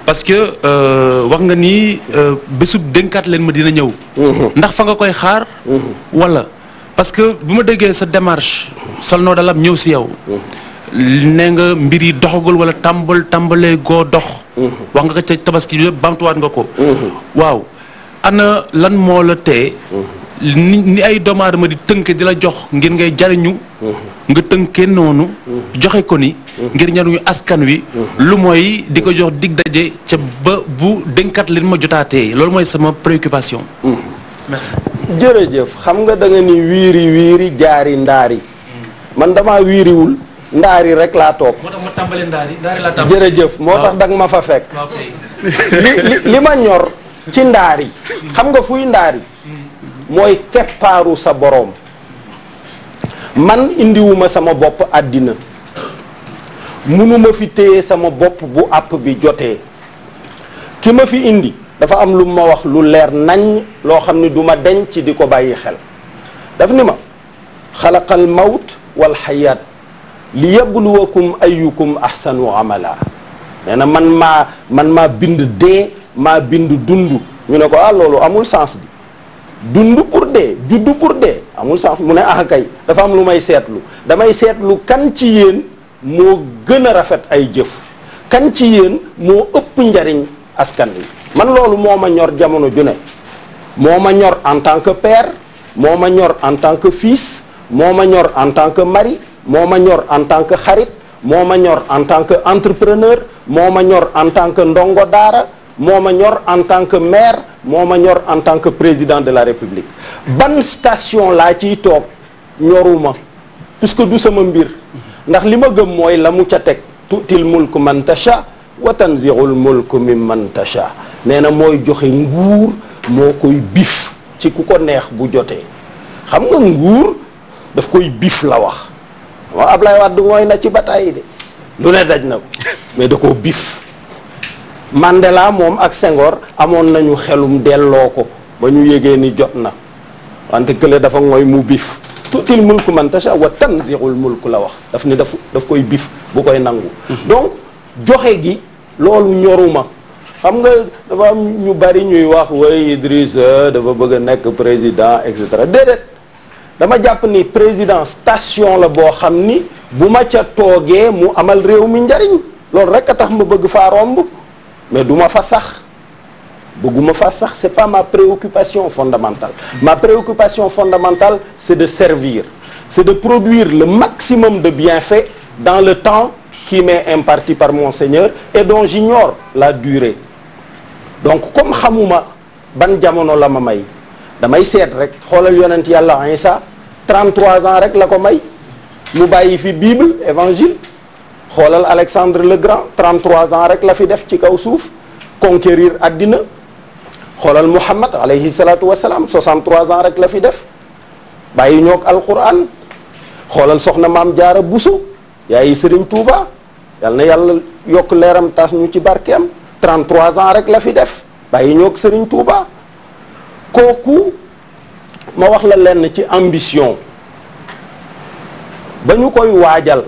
parce que euh, wax nga ni bésub dénkaat leen ma dina ñëw. ndax fa nga koy xaar. walla parce que bu ma déggee sa demarche sol noo dalam ñëw si yow. ne nga mbir yi doxagul wala tàmbal tàmbalee goo dox. Mm-hmm. wax nga ko ca tabaski bi yëpp bamtuwaat nga ko. Mm-hmm. waaw anna lan moo la tee. Mm-hmm. ni ni ay doomu aadama di tënk di la jox ngir ngay jariñu nga tënkee noonu. joxe ko ni. ngir ñaruñu askan wi. lu mooy di ko jox dig daje ca ba bu dënkat leen ma jotaatee loolu mooy sama préoccupation. merci. jërëjëf xam nga danga nga ni wiiri wiiri jaari ndaari. Mm. man damaa wiiriwul. ndaari rek laa toog. moo jërëjëf moo tax ah. danga ma fa fekk. Ah, li li ma ñor ci ndaari. xam nga fuy ndaari. Hmm. mooy keppaaru sa boroom. man indiwuma sama bopp àddina. munuma fi téye sama bopp bu àpp bi jotee. ki ma fi indi dafa am lu ma wax lu leer nañ loo xam ni du ma ci di ko bàyyi xel. daf ni ma xalaqal mawt wal xayaat. li yabluwakum ayukum ahsanu amala nee na man maa man maa bind dee ma bind dund ñu ne ko ah loolu amul sens bi dund pour dee juddu pour dee amul sens mu ne ah dafa am lu may seetlu damay seetlu kan ci yéen moo gën a rafet ay jëf kan ci yéen moo ëpp njariñ askan wi man loolu moo ma ñor jamono ju ne moo ma ñor en tant que père moo ma ñor en tant que fils moo ma ñor en tant que mari moo ma ñor en tant que xarit moo ma ñor en tant que entrepreneur moo ma ñor en tant que ndongo daara moo ma ñor en tant que maire moo ma ñor en tant que président de la république ban station laa ciy toog ñoruma puisque du sama mbir ndax li ma gëm mooy la mu ca teg tutil mulk man tasha wa tanzirul mulk mimman tasha nee mooy joxe nguur moo koy bif ci ku ko neex bu jotee xam nga nguur daf koy bif la wax waaw Ablaye Wade mooy na ci bataay yi de lu ne daj na ko mais da koo bif Mandela moom ak Senghor amoon nañu xelum delloo ko ba ñu yégee ni jot na wante kële dafa mooy mu bif tutil mulku man tasha wa tanzirul mulku la wax daf ni daf daf koy bif bu koy nangu donc joxe gi loolu ñoruma xam nga dafa am ñu bari ñuy wax way Idriss dafa bëgg a nekk président et cetera dama jàpp ni président station la boo xam ni bu ma ca toogee mu amal réew mi njariñ loolu rek a tax ma bëgg faa romb mais du ma fa sax bëgguma fa sax c'est pas ma préoccupation fondamentale ma préoccupation fondamentale c'est de servir c'est de produire le maximum de bienfaits dans le temps qui m'est imparti par mon Seigneur et dont j'ignore la durée donc comme xamuma ban jamono la ma may damay seet rek xoolal yonent yàlla Isa 33 ans rek la ko may mu bàyyi fi bible évangile xoolal Alexandre le Grand 33 ans rek la fi def ci kaw suuf conquérir àddina xoolal Muhammad alayhi salaatu wa salaam 63 ans rek la fi def bàyyi ñoog alquran xoolal soxna maam jaara Buso yaayi Serigne Touba yal na yàlla yokk leeram tas ñu ci barkeem 33 ans rek la fi def bàyyi ñoog Serigne Touba kooku. ma wax la lenn ci ambition ba ñu koy waajal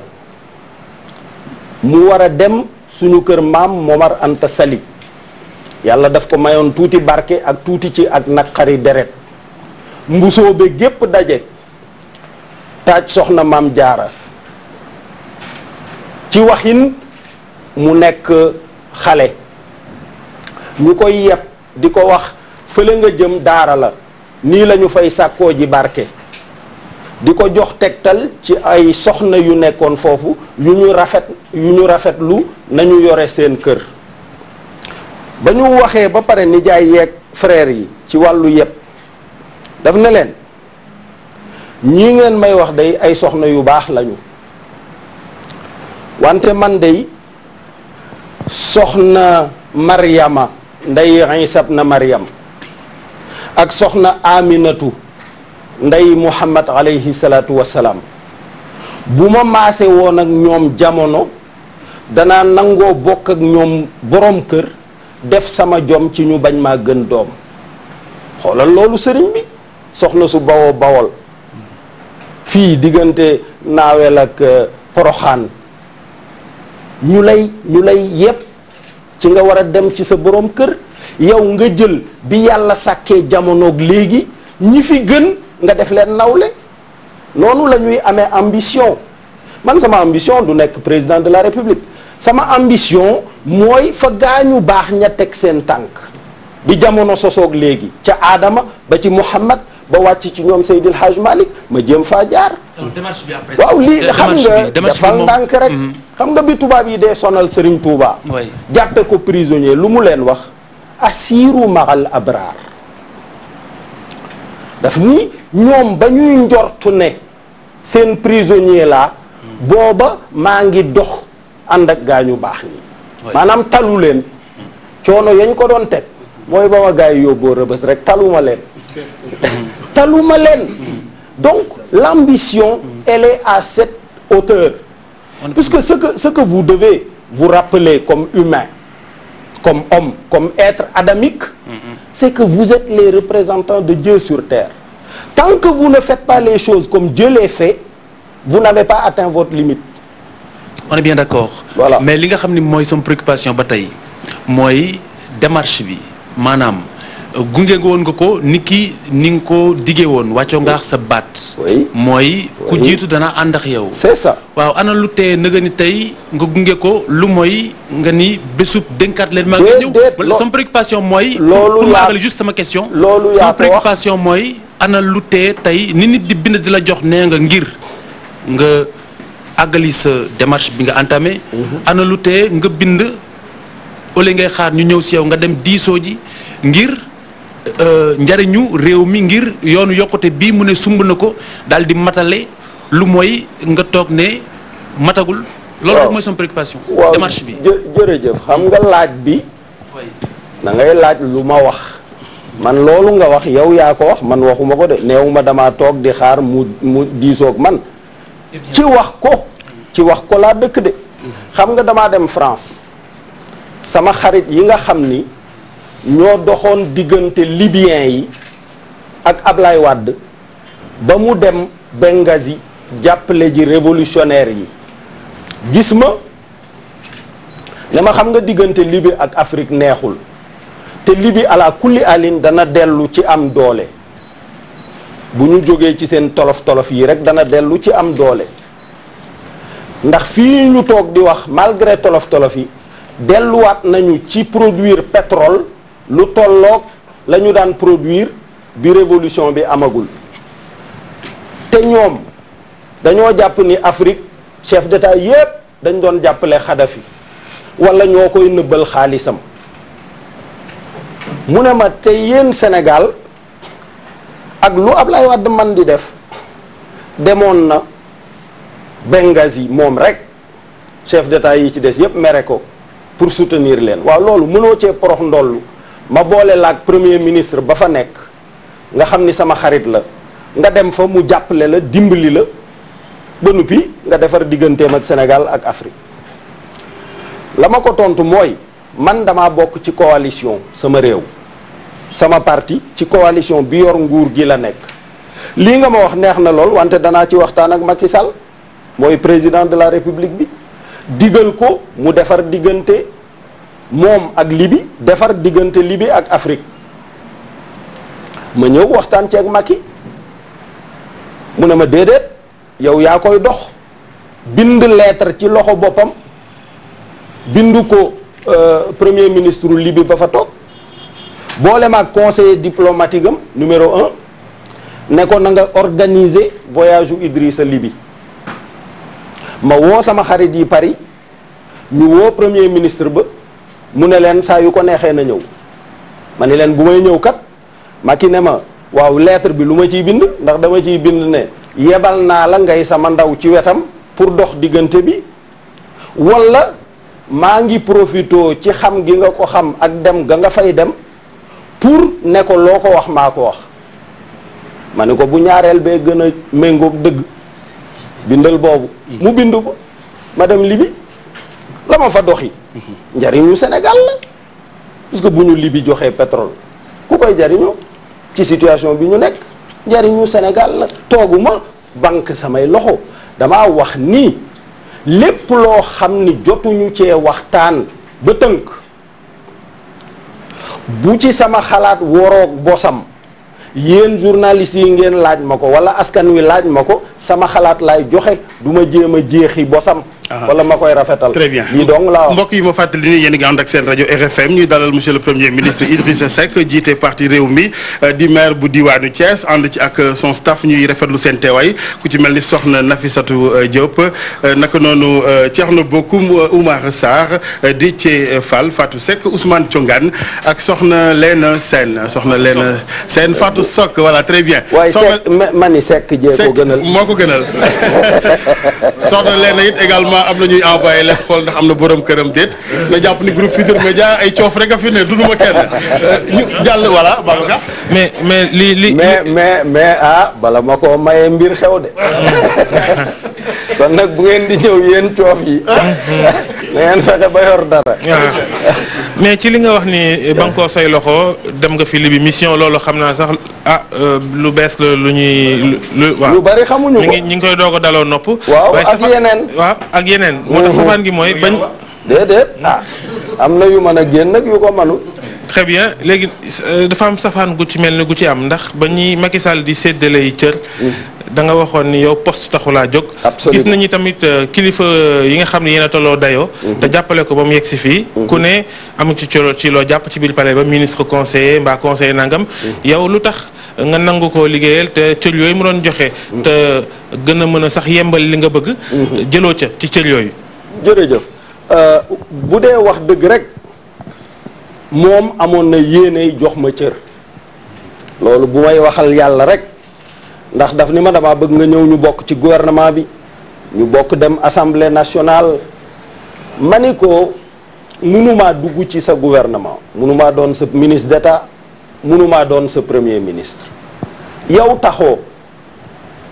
mu war a dem suñu kër maam Momar Anta Sali yàlla daf ko mayoon tuuti barke ak tuuti ci ak naqari deret mbusoo be gépp daje taaj soxna maam jaara ci waxin mu nekk xale ñu koy yepp di ko wax fële nga jëm daara la nii lañu fay sàkkoo ji barke di ko jox tegtal ci ay soxna yu nekkoon foofu yu ñu rafet yu ñu rafetlu nañu yore seen kër ba ñu waxee ba pare nijaay yeeg frère yi ci wàllu yépp daf ne leen ñii ngeen may wax day ay soxna yu baax lañu wante man day soxna Maryama nday Iisa na Maryam ak soxna aminatu ndey muhammad alayhi salaatu wasalaam bu ma maase woon ak ñoom jamono danaa nangoo bokk ak ñoom boroom kër def sama jom ci ñu bañ maa gën doom xoolal loolu sëriñ bi soxna su bawoo bawol fii diggante naawel ak euh, poroxaan ñu lay ñu lay yépp ci nga war a dem ci sa boroom kër yow nga jël bi yàlla sàkkee jamonoog léegi ñi fi gën nga def leen nawle noonu la ñuy amee ambition man sama ambition du nekk président de la république sama ambition mooy fa gaañu baax ña teg seen tànk bi jamono sosoog léegi ca aadama ba ci muhammad ba wàcc ci ñoom Seydil Hadj Malick ma jéem faa jaar waaw lii xam nga defal ndànk rek mm-hmm. xam nga bi tubaab yi dee sonal Serigne Touba jàppe ko prisonnier lu mu leen wax asiiru maxal abraar daf ni ñoom ba ñuy njortu ne seen prisonnier la booba maa ngi dox ànd ak gaañu baax ñi maanaam talu leen coono yañ ko doon teg mooy ba ma gars yi yóbboo rëbës rek taluma leen taluma leen donc l'ambition elle à cette hauteur puisque ce que ce que vous devez vous rappeler comme humain comme homme, comme être adamique, mm c'est que vous êtes les représentants de Dieu sur terre. Tant que vous ne faites pas les choses comme Dieu les fait, vous n'avez pas atteint votre limite. On est bien d'accord. Voilà. Mais li nga xam ni mooy sama préoccupation ba tey mooy démarche bi maanaam. gunge nga woon nga ko ni ki ni nga ko diggee woon wàccoo nga sa baat. mooy ku jiitu dana ànd ak yow. sa ça waaw lu tee nga ni tey nga gunge ko lu mooy nga ni bésub dénkaat leen. sama préoccupation mooy. loolu yaa pour juste sama question. loolu sama préoccupation mooy ana lu te tey ni nit di bind di la jox nee nga ngir nga àggali sa démarche bi nga entamé. Mhm. ana lu tee nga bind au lieu ngay xaar ñu ñëw si yow nga dem diisoo ji ngir. Euh, njariñu réew mi ngir yoonu yokkute bii mu ne sumb na ko daal di matale lu mooy nga toog ne matagul. loolu marché mooy son bi waaw xam nga laaj bi. da laaj lu ma wax. man loolu nga wax yow yaa ko wax man waxuma ko de neew ma damaa toog di xaar mu mu diisoog man. ci wax ko. ci wax ko laa dëkk de. Mm-hmm. xam nga damaa dem France. sama xarit yi nga xam ni. ñoo doxoon diggante libyen yi ak Ablaye Wade ba mu dem Benghazi jàppale ji révolutionnaire yi gis ma ne ma xam nga diggante Libye ak Afrique neexul te Libye ala alin dana dellu ci am doole bu ñu jógee ci seen tolof tolof yi rek dana dellu ci am doole ndax fii ñu toog di wax malgré tolof tolof yi delluwaat nañu ci produire petrol lu tolloog la ñu daan produire bi révolution bi amagul te ñoom dañoo jàpp ni Afrique chef d'état yépp dañ doon jàppale Xadafi walla ñoo koy nëbbal xaalisam mu ne ma te yéen Sénégal ak lu Ablaye Wade man di def demoon na Benghazi moom rek chef d'état yi ci des yépp mere ko pour soutenir leen waaw loolu mënoo cee porox ndollu ma boole laag premier ministre ba fa nekk nga xam ni sama xarit la nga dem fa mu jàppale la dimbali la ba nuppi nga defar digganteem ak Sénégal ak Afrique la ma ko tontu mooy man dama bokk ci coalition sama réew sama parti ci coalition bi yor nguur gi la nekk lii nga ma wax neex na lool wante danaa ci waxtaan ak Macky Sall mooy président de la république bi digal ko mu defar diggante moom ak Libye defar diggante Libye ak Afrique ma ñëw waxtaan ceeg Macky mu ne ma déedéet yow yaa koy dox bind lettre ci loxo boppam bind ko euh, premier ministre libi ba fa toog boolem ak conseiller diplomatique am numéro un ne ko na nga organiser voyage u Idrissa Libye ma woo sama xarit yi Paris ñu woo premier ministre ba mu ne leen saa yu ko neexee na ñëw ma ni leen bu may ñëw kat ma Macky ne ma waaw lettre bi lu ma ciy bind ndax dama ciy bind ne yebal naa la ngay sama ndaw ci wetam pour dox diggante bi walla maa ngi profitoo ci xam gi nga ko xam ak dem ga nga fay dem pour ne ko loo ko wax maa ko wax ma ne ko bu ñaareel bee gën a méngoog dëgg bindal boobu mu bind ko ma dem libi la ma fa doxi njariñu Sénégal la puisque bu ñu Libye joxee pétrole ku koy jariñoo ci situation bi ñu nekk njariñu senegal la tooguma banque samay loxo damaa wax ni lépp loo xam ni jotuñu cee waxtaan ba tënk bu ci sama xalaat woroog bosam yéen journalistes yi ngeen laaj ma ko wala askan wi laaj ma ko sama xalaat laay joxe duma ma jéem a jeexi bosam Ah. wala ma koy rafetal mbokk yi ma fàttali ni yéen a ngi ànd ak seen rajo RFM ñuy dalal monsieur le premier ministre Idrissa Seck jiite parti réew mi euh, di maire bu diwaanu Thiès ànd ci ak euh, son staff ñuy rafetlu seen teewaay ku ci mel ni soxna Nafisatou euh, Diop naka noonu Thierno Bokoum Oumar Sarr Déthié Fall Fatou Seck Ousmane Thiongane ak soxna Léna Sène soxna Léna seen Fatou Sock wala très bien soxna mani sekk jee ko gënal moo ko gënal soxna Léna it également naa am na ñuy envoyé leen xool ndax am na borom këram déet na jàpp ni groupe Futurs Médias ay coof rek a fi ne duduma kenn ñu jàll wala Babacar. mais mais li li. mais mais mais ah bala ma ko maye mbir xew de. kon nag bu ngeen di ñëw yéen coof yi da ah. ngeen fexe ba yor dara ah. mais ci li nga wax ni ba nga koo say loxo dem nga fi libi mission loolu xam naa sax a ah, euh, lu bees la lu ñuy lu waaw lu bari xamuñu ko ñu ngi koy doog a daloo nopp waaw ak yeneen waaw ak yeneen moo tax safaan gi mooy bañ déedéet ah am na yu mën a génn nag yu ko manut très bien léegi euh, dafa am safaan gu ci mel ni gu ci am ndax ba ñuy Macky Sall di séddale yi cër. Mm. da nga waxoon ni yow poste taxulaa jóg. gis nañu tamit euh, kilifa yi nga xam ne yéen a tolloo dayoo. Mm-hmm. te jàppale ko ba mu yegg si fii. Mm-hmm. ku ne amu ci coro ci loo jàpp ci biir palais ba ministre conseiller mbaa conseiller nangam. Mm-hmm. yow lu tax nga nangu koo liggéeyal te cër yooyu mu doon joxe. te gën a mën a sax yembal li nga bëgg. jëloo ca ci cër yooyu. jërëjëf euh, bu moom amoon na yéene jox ma cër loolu bu may waxal yàlla rek ndax daf ni ma dama bëgg nga ñëw ñu bokk ci gouvernement bi ñu bokk dem assemblée nationale ma ni ko mënumaa dugg ci sa gouvernement mënumaa doon sa ministre d'état mënumaa doon sa premier ministre yow taxoo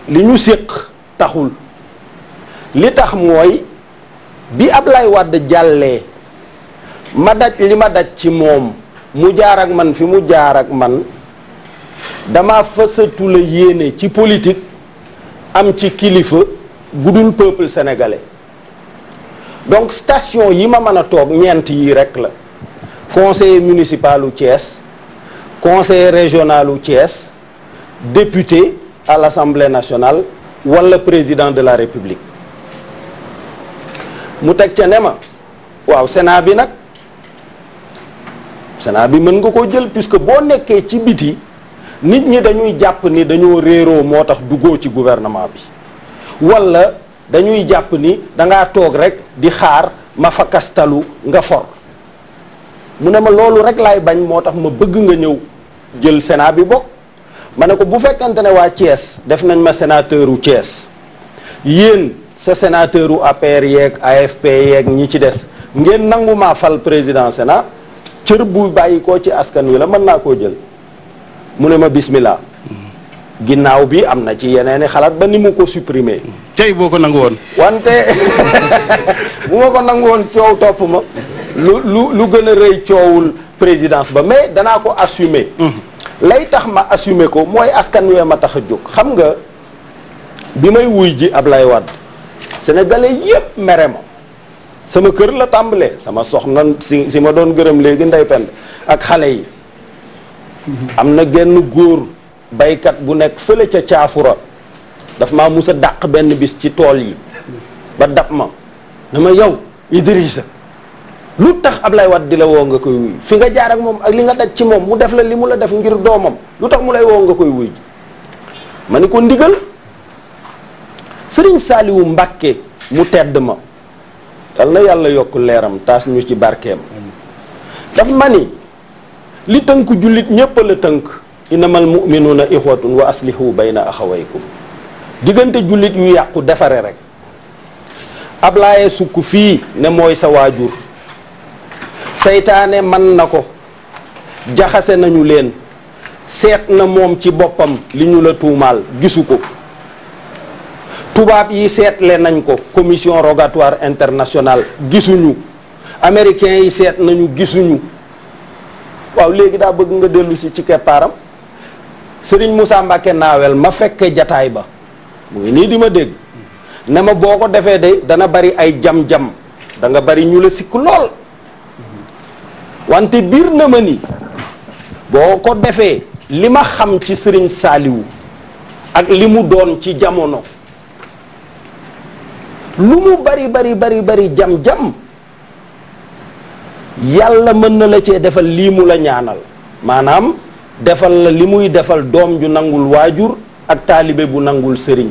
li ñu séq taxul li tax mooy bi ab lay Wade jàllee ma daj li ma daj ci moom mu jaar ak man fi mu jaar ak man dama fësatu la yéene ci politique am ci kilifa gudul peuple sénégalais donc station yi ma mën a toog ñeent yi rek la conseiller municipal u Thiès conseiller régional u Thiès député à l'Assemblée nationale wala président de la République mu teg ca ne ma waaw Sénat bi nag sénat bi mën nga koo jël puisque boo nekkee ci biti nit ñi dañuy jàpp ni dañoo réeroo moo tax duggoo ci gouvernement bi wala dañuy jàpp ni dangaa toog rek di xaar ma fakastalu nga mu ne ma loolu rek laay bañ moo tax ma bëgg nga ñëw jël sénat bi bokk ma ne ko bu fekkante ne waa Thiès def nañ ma sénateur u Thiès yéen sa sénateur u APR yeeg AFP yeeg ñi ci des ngeen nangu maa fal président sénat cër bu bàyyi koo ci askan wi la mën naa koo jël mu ne ma bismillah ginnaaw bi am na ci yeneeni xalaat ba ni mu ko supprimer tey boo ko nangu woon wante bu ma ko nangu woon coow topp ma lu lu gën a rëy coowul présidence ba mais danaa ko assume mm-hmm. lay tax ma assume ko mooy askan wee ma tax a jóg xam nga bi may wuy ji Ablaye Wade sénégalais yépp mere ma sama kër la tàmbalee sama soxna si si ma doon gërëm léegi ndey pend ak xale yi am na genn góor baykat bu nekk fële ca caafura daf maa musa a dàq benn bis ci tool yi ba dab ma na ma yow Idrissa lu tax Ablaye wat di la woo nga koy wuy fi nga jaar ak moom ak li nga daj ci moom mu def la li mu la def ngir doomam lu tax mu lay woo nga koy wuy ma ni ko ndigal Sëriñ Saaliwu Mbàkke mu tedd ma dal na yàlla yokk leeram taas ñu ci barkeem daf ma ni li tënk jullit ñépp la tënk innamal mu'minuuna ixwatun wa aslihu bayna axawaykum diggante jullit yu yàqu defare rek ab laaye sukk fii ne mooy sa waajur seytaane man na ko jaxase nañu leen seet na moom ci boppam li ñu la tuumaal gisu ko tubaab yi seetle nañ ko commission rogatoire internationale gisuñu americain yi seet nañu gisuñu waaw léegi daa bëgg nga dellusi ci keppaaram sëriñ Moussa Mbacke naawel ma fekke jataay ba mu ngi nii di ma dégg ne ma boo ko defee de dana bari ay jam-jam danga bari ñu la sikk lool wante biir na ma ni boo ko defee li ma xam ci Serigne saaliwu ak li mu doon ci jamono lu mu bari bari bari bari jam-jam yàlla mën na la cee defal lii mu la ñaanal maanaam defal la li muy defal doom ju nangul waajur ak taalibe bu nangul sëriñ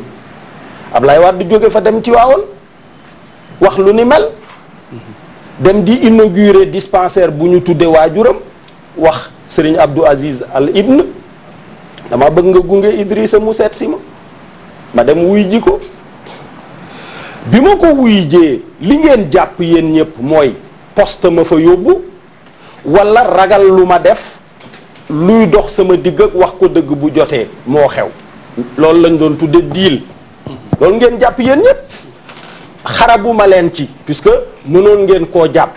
Ablaye Wade jóge fa dem ci waawoon wax lu ni mel dem di inaugurer dispensaire bu ñu tudde waajuram wax sëriñ Abdou Aziz Al Ibn dama bëgg nga gunge Idrissa mu seet si ma ma dem wuy ji ko bi ma ko wuy jee li ngeen jàpp yéen ñëpp mooy post ma fa yóbbu wala ragal lu ma def luy dox sama digg ak wax ko dëgg bu jotee moo xew loolu lañ doon tudd diil loolu ngeen jàpp yéen ñëpp xarabu ma leen ci puisque mënoon ngeen koo jàpp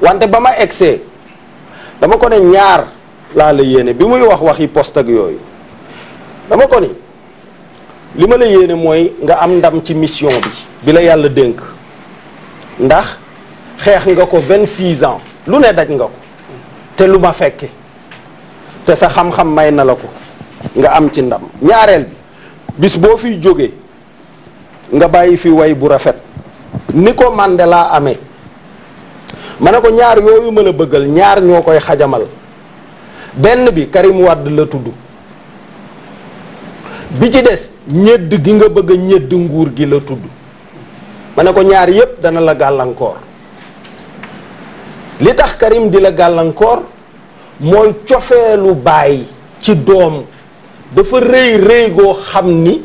wante ba ma egsee dama ko ne ñaar laa la yéene bi muy wax waxi post ak yooyu dama ko ni li ma la yéene mooy nga am ndam ci mission bi bi la yàlla dénk ndax xeex nga ko vingt 26 ans lu ne daj nga ko te lu ma fekke te sa xam-xam may na la ko nga am ci ndam ñaareel bi bis boo fiy jógee nga bàyyi fi way bu rafet ni ko Mandela amee ma ne ko ñaar yooyu ma la bëggal ñaar ñoo koy xajamal benn bi Karim Wade la tudd bi ci des ñëdd gi nga bëgg a ñedd nguur gi la tudd ma ne ko ñaar yépp dana la gàllankoor li tax Karim di la gàllankoor mooy cofeelu baay ci doom dafa rëy rëy goo xam ni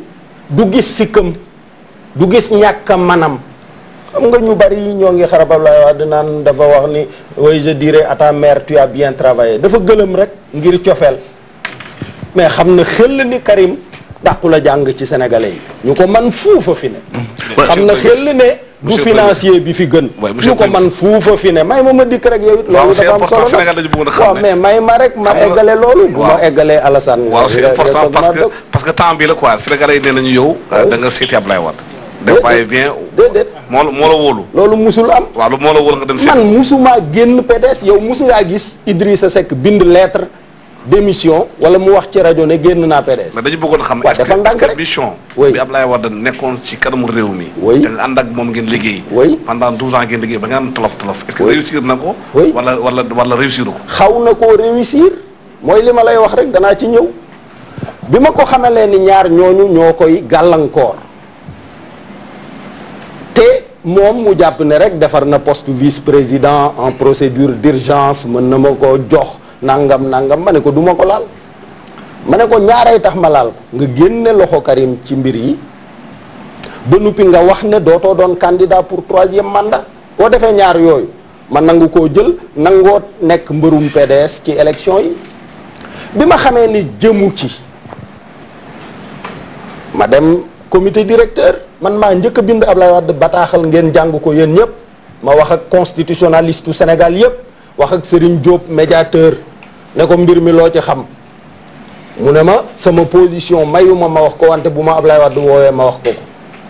du gis sikkam du gis ñàkk a manam xam nga ñu bari ñoo ngi xarabab la wax dinaan dafa wax ni way je dirais à ta mère bien travaillé dafa gëlëm rek ngir cofeel mais xam na xel ni Karim dàqu la jàng ci sénégalais yi ñu ko man fuufa fi ne xam na xel ne du financier bi fi gën ñu ko man fuufa fi ne may ma ma dikk rek yow it loolu dafa am solo waaw mais may ma rek ma eggale loolu bu ma eggalee Alassane waaw c'est important parce que temps bi la quoi sénégalais yi nee nañu yow euh, da nga seeti Ablaye Wade def waaye bien moo la wóolu loolu musul am waaw moo la wóolu dem man musumaa génn PDS yow musu ngaa gis Idrissa Seck bind lettre démission wala mu wax ci rajo ne génn naa PDS. mais dañu bëggoon xam est-ce que est-ce que mission. oui bi Abdoulaye Wade nekkoon ci kanamu réew mi. oui dañu ànd ak moom ngeen liggéey. oui pendant 12 ans ngeen liggéey ba nga am tolof tolof. est-ce que réussir na ko. oui wala wala wala réussir ko. xaw na koo réussir mooy li ma lay wax rek danaa ci ñëw bi ma ko xamalee ni ñaar ñooñu ñoo koy gàllankoor te moom mu jàpp ne rek defar na poste vice président en procédure d'urgence mën na ma ko jox. nangam nangam ma ne ko du ma ko laal ma ne ko ñaaree tax ma laal nga génne loxo Karim ci mbir yi ba nuppi nga wax ne dootoo doon kandidaa pour troisième mandat boo defee ñaar yooyu ma nangu koo jël nangoo nekk mbërum PDS ci élection yi bi ma xamee ni jëmu ci ma dem comité directeur man maa njëkk a bind Ablaye Wade bataaxal ngeen jàng ko yéen ñëpp ma wax ak constitutionnaliste u Sénégal yëpp wax ak Serigne Diop médiateur ne ko mbir mi loo ci xam mu ne ma sama position mayuma ma wax ko wante bu ma lay Ablaye Wade woowee ma wax ko ko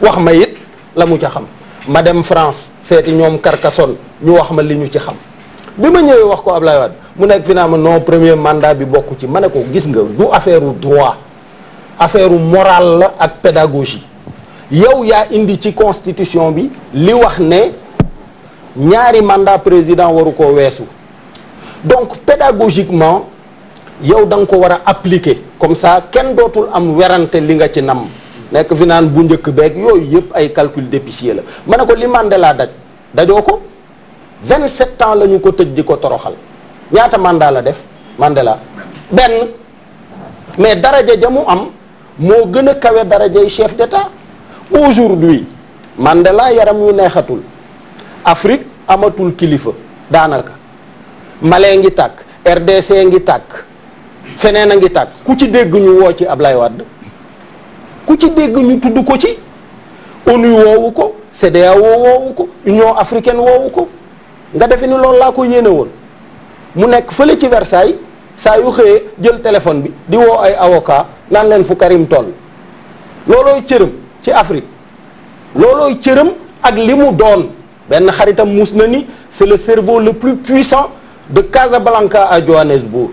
wax ma it la mu ca xam ma dem France seeti ñoom Carcassonne ñu wax ma li ñu ci xam bi ma ñëwee wax ko Ablaye Wade mu nekk fi naa ma non premier mandat bi bokk ci ma ne ko gis nga du affaire u droit affaire u morale la ak pédagogie yow yaa indi ci constitution bi li wax ne ñaari mandat président waru ko weesu donc pédagogiquement yow da nga ko war a appliquer comme ça kenn dootul am werante li nga ci nam nekk fi naan bu njëkk beeg yooyu yëpp ay calcul d'épicier la ma ne ko li Mandela daj dajoo ko 27 ans la ñu ko tëj di ko toroxal ñaata mandat la def Mandela benn mais daraja ja mu am moo gën a kawe darajay chef d'état aujourd'hui Mandela yaram yu neexatul Afrique amatul kilifa daanaka male ngi tàkk RDC ngi tàkk feneen a ngi tàkk ku ci dégg ñu woo ci Ablaye Wade ku ci dégg ñu tudd ko ci ONU woowu ko CEDEAO woowu ko Union africaine woowu ko nga defe ni loolu laa ko yéene woon mu nekk fële ci Versailles saa yu xëyee jël téléphone bi di woo ay avocat naan leen fu Karim toll loolooy cëram ci Afrique loolooy cëram ak li mu doon benn xaritam muus na ni c'est le cerveau le plus puissant de Casablanca a Johannesburg.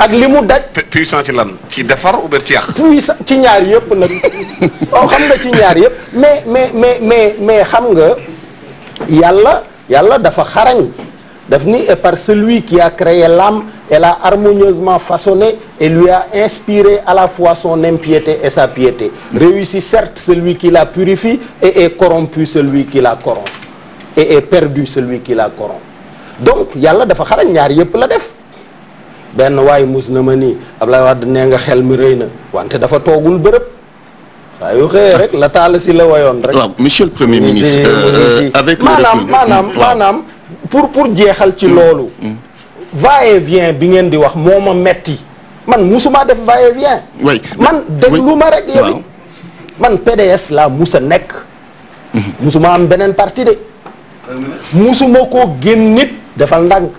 ak li mu daj. puissant ci lan ci defar ou bien ci puissant ci ñaar yëpp nag oh xam nga ci ñaar yëpp mais mais mais mais mais xam nga yàlla yàlla dafa xarañ daf ni et par celui qui a créé l'âme et l'a harmonieusement façonné et lui a inspiré à la fois son impiété et sa piété. réussit certes celui qui la purifie et est corrompu celui qui la corrompt et est perdu celui qui la corrompt. donc yàlla dafa xarañ ñaar yëpp la def benn waaye mus na ma ni Ablaye Wade nee nga xel mi rëy na wante dafa toogul bërëb waaye yu xëyee rek la taal si la wayoon rek. waaw monsieur le premier ministre. Euh, avec le maanaam maanaam pour pour jeexal ci mm, loolu. Mm. va vient bi ngeen di wax moo ma metti man musuma def va vient. oui man déglu ma rek. yow it man PDS laa mus a nekk. Mm-hmm. musuma am beneen parti de. musuma koo génn nit defal ndànk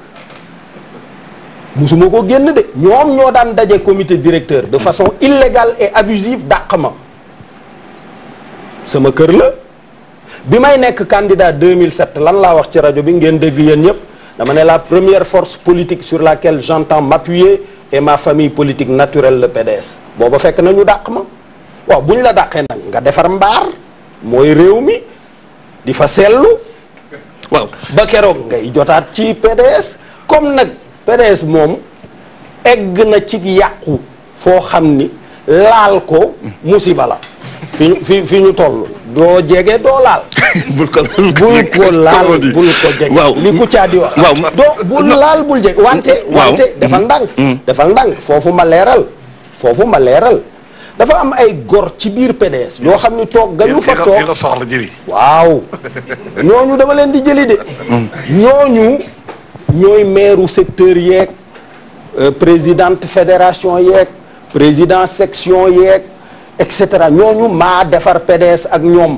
musuma ko génn de ñoom ñoo daan daje commité directeur de façon illégale et abusive dàq ma sama kër la bi may nekk candidat 2007 lan laa wax ci rajo bi ngeen dégg yéen ñëpp dama ne la première force politique sur laquelle j'entends m'appuyer est ma famille politique naturelle le PDS booba fekk na ñu dàq ma waaw bu ñu la dàqee nag nga defar mbaar mooy réew mi di fa sellu waaw ba keroog ngay jotaat ci PDS comme nag PDS moom egg na ci yàqu foo xam ni laal ko musiba la fi fi fi ñu toll doo jege doo laal. bul ko bul laal bul ko jege. li ku caa di wax. waaw doo bul laal bul jege wante. wante defal ndànk. Mm. defal ndànk foofu ma leeral foofu ma leeral. dafa am ay gor ci biir PDS. yoo xam ni toog nga gañu fa toog yéen soxla jëli. waaw ñooñu dama leen di jëli de. ñooñu ñooy maire secteur yeeg euh, présidente fédération yeeg président section yeeg et cetera ñooñu maa defar PDS ak ñoom.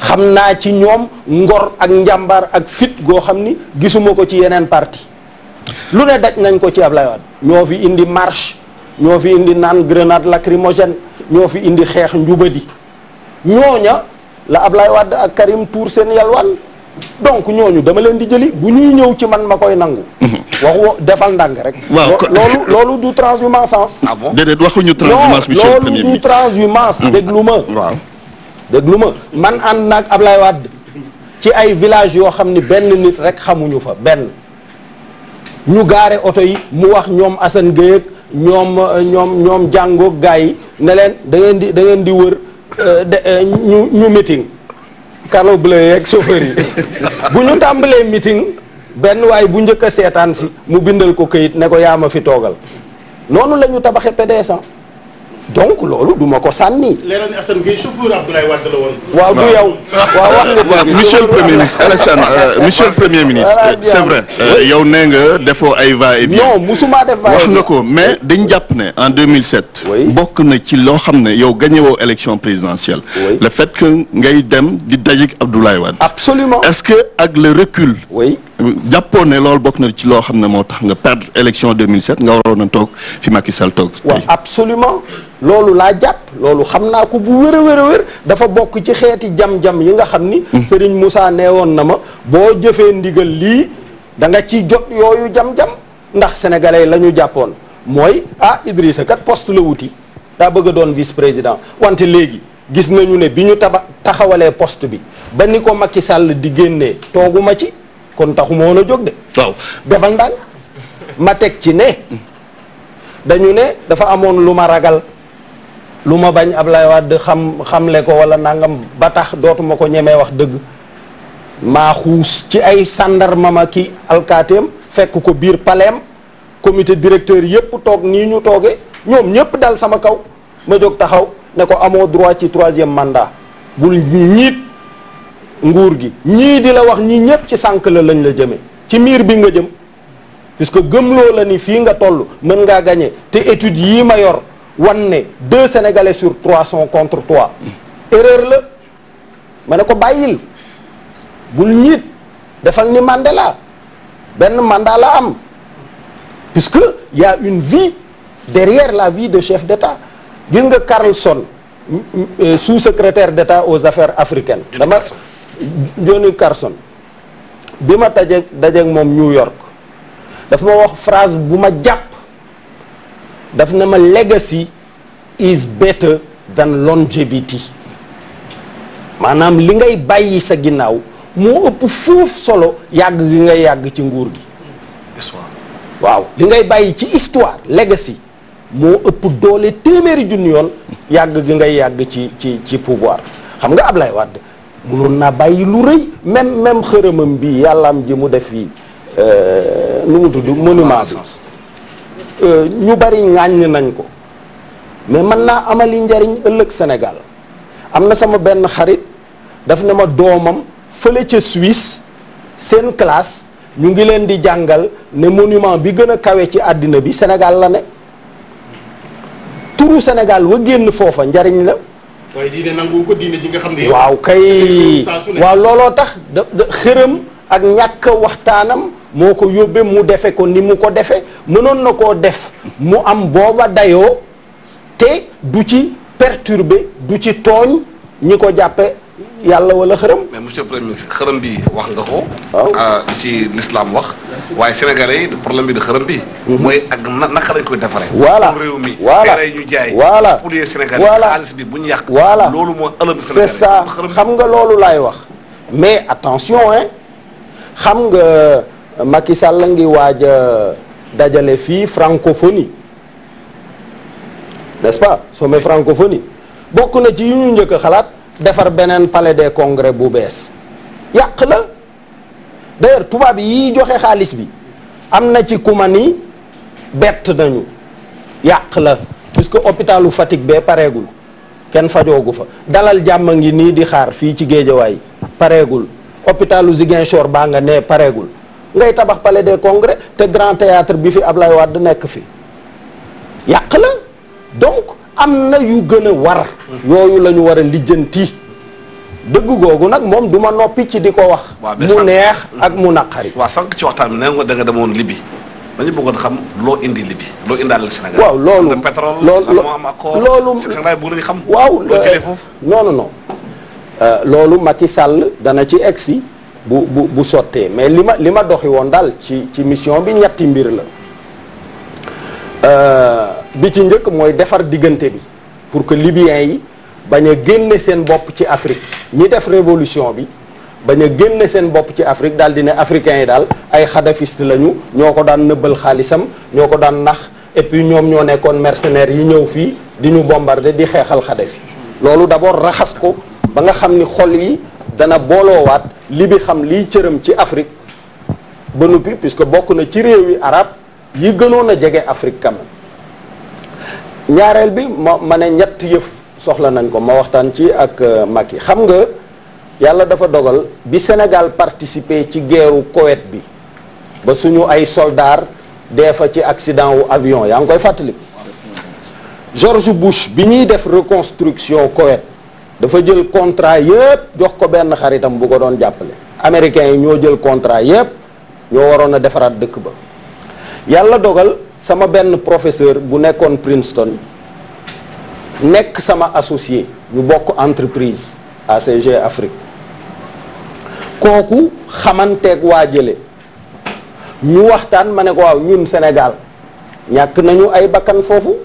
xam naa ci ñoom ngor ak njàmbaar ak fit goo xam ni gisuma ko ci yeneen parti lu ne daj nañ ko ci Ablaye Wade ñoo fi indi marche ñoo fi indi naan grenade lacrymogène ñoo fi indi xeex njubadi ñooña la Ablaye Wade ak Karim Tour seen yalwaan donc ñooñu dama leen di jëli bu ñuy ñëw ci man ma koy nangu. Mhm. waxu defal ndànk rek. loolu du transhumance ah. ah bon déedéet waxuñu transhumance. monsieur le mhm. déglu ma waaw. déglu ma man ànd naag Ablaye Wade ci ay village yoo xam ni benn nit rek xamuñu fa benn ñu gaare oto yi mu wax ñoom Assane Gueye ñoom ñoom ñoom jàngoog gars yi ne leen di da di wër euh, euh, ñu ñu meeting. kalo bleu yeeg chauffeur yi bu ñu tàmbalee meeting benn waay bu njëkk a seetaan si mu bindal ko kayit ne ko yaa ma fi toogal noonu la ñu tabaxee ah. donc loolu du ma ko sànni. leneen Assane woon. waaw du yow. waaw wax nga dëgg euh, monsieur le premier ministre Alassane monsieur le premier ministre. c'est vrai euh, yow nee nga defoo ay va et vient. non musuma def va et nga ko mais dañ jàpp ne en 2007. bokk na ci loo xam ne yow gagné woo élection présidentielle. le fait que ngay dem di dajeek Abdoulaye Wade. absolument est-ce que ak le recul. oui. jàppoon ne lool bokk na ci loo xam ne moo tax nga perdre élection 2007 nga waroon a toog fi Macky Sall toog. waaw absolument loolu laa jàpp loolu xam naa ko bu wér a wér dafa bokk ci xeeti jam-jam yi nga xam ni. Hmm. Serigne Moussa nee woon na ma boo jëfee ndigal lii da nga ci jot yooyu jam-jam ndax sénégalais la ñu jàppoon mooy ah Idrissa kat poste la wuti daa bëgg a doon vice président wante léegi. gis nañu ne bi ñu taba taxawalee post bi ba ni ko Macky di génnee tooguma kon taxuma woon a jóg de. waaw defal ndànk ma teg ci ne dañu ne dafa amoon lu ma ragal lu ma bañ Ablaye Wade xam xamle ko wala nangam ba tax dootuma ko ñemee wax dëgg maa xuus ci ay sàndarma ma ki alkaateem fekk ko biir paleem comité directeur yëpp toog nii ñu tooge ñoom ñëpp dal sama kaw ma jóg taxaw ne ko amoo droit ci troisième mandat bul ñiit nguur gi ñii di la wax ñii ñëpp ci sànq la lañ la jëmee ci miir bi nga jëm puisque gëmloo la ni fii nga toll mën ngaa gagné te études yii ma yor wan ne deux sénégalais sur trois sont contre toi erreur la ma ne ko bàyyil bul ñiit defal ni Mandela benn mandat la am puisque y a une vie derrière la vie de chef d'État gis nga Carlson euh, sous-secrétaire d'État aux affaires africaines dama Johnny Carson bi ma tajeeg dajeeg moom New York daf ma wax phrase bu ma jàpp daf na ma legacy is better than longevity maanaam li ngay bàyyi sa ginnaaw moo ëpp fuuf solo yàgg gi ngay yàgg ci nguur gi waaw li ngay bàyyi ci histoire legacy moo ëpp doole téeméeri junni yoon yàgg gi ngay yàgg ci ci ci pouvoir xam nga ab lay wàdd munoon naa bàyyi lu rëy même même xërëmam bi yàllaam ji mu def fii euh, nu mu tudd monument bi euh, ñu bari ŋàññ nañ ko mais man naa amali njariñ ëllëg Sénégal am na sama benn xarit daf na ma doomam fële ca Suisse seen classe ñu ngi leen di jàngal ne monument bi gën a kawe ci àddina bi Sénégal la ne turu Sénégal wa génn foofa njariñ la waaye diine nangu ko diine ji nga xam ne. waaw kay waaw looloo tax da da xërëm ak ñàkk waxtaanam moo ko yóbbee mu defe ko ni mu ko defee mënoon na koo def mu am booba dayoo te du ci perturber du ci tooñ ñi ko jàppe yàlla wala xërëm. mais monsieur le xërëm bi wax nga ko. waaw ah, li ci l'islam wax. waaye sénégalais yi problème bi de xërëm bi. Mhm. mooy ak naka lañ koy defaree. voilà réew mi. voilà bu ñu yàq. voilà loolu moo ëllëg sénégalais c'est ça xam nga loolu laay wax. mais attention hein xam nga euh, Macky Sall la ngi waaj dajale fii francophonie n'est-ce pas sommet francophonie bokk na ci yu ñu njëkk xalaat. defar beneen palais des congrès bu bees yàq la d'ailleurs tubaab yi joxe xaalis bi am na ci kuma ni bett nañu yàq la puisque hôpitalu Fatick bee pareegul kenn fajoogu fa dalal jàmm ngi nii di xaar fii ci géejawaay pareegul hôpitalu Ziguinchor baa nga nee pareegul ngay tabax palais des congrès te grand théâtre bi fi Ablaye Wade nekk fi yàq la donc am na yu gën a war yooyu lañu ñu war a lijjanti dëgg googu nag moom duma noppi ci di ko wax mu neex ak mu naqari waaw sànq ci waxtaan bi nee nga da nga demoon bëggoon xam loo indi Libye loo indaale Sénégal waaw loolu pétrole loolu am accord loolu xam waaw euh, foofu non non non euh, loolu Macky Sall dana ci egsi bu bu bu sottee mais li ma li ma doxi woon daal ci ci mission bi ñetti mbir la Euh, bi ci njëkk mooy defar diggante bi pour que libyens yi bañ a génne seen bopp ci Afrique ñi def révolution bi bañ a génne seen bopp ci Afrique daal di ne africains yi daal ay xadafiste lañu ñoo ko daan nëbbal xaalisam ñoo ko daan nax et ñoom ñoo nekkoon mercenaires yi ñëw fii di ñu bombarde di xeexal Xadafi loolu d'abord raxas ko ba nga xam ni xol yi dana booloowaat li bi xam liy cëram ci Afrique ba noppi puisque bokk na ci réew yi arab yi gënoon a jege Afrique quand ñaareel bi ma ma ne ñett yëf soxla nañ ko ma waxtaan ci ak euh, yi xam nga yàlla dafa dogal bi Sénégal participer ci guerru Koweït bi ba suñu ay soldats dee fa ci accident wu avion yaa ngi koy fàttali. George Bush bi ñuy def reconstruction kowet dafa jël contrat yëpp jox ko benn xaritam bu ko doon jàppale américains yi ñoo jël contrat yëpp ñoo waroon a defaraat dëkk ba. yàlla dogal sama benn professeur bu nekkoon Princeton nekk sama associé ñu bokk entreprise ACG Afrique kooku xamanteeg waa jële ñu waxtaan ma ne ko waaw ñun Sénégal ñàkk nañu ay bakkan foofu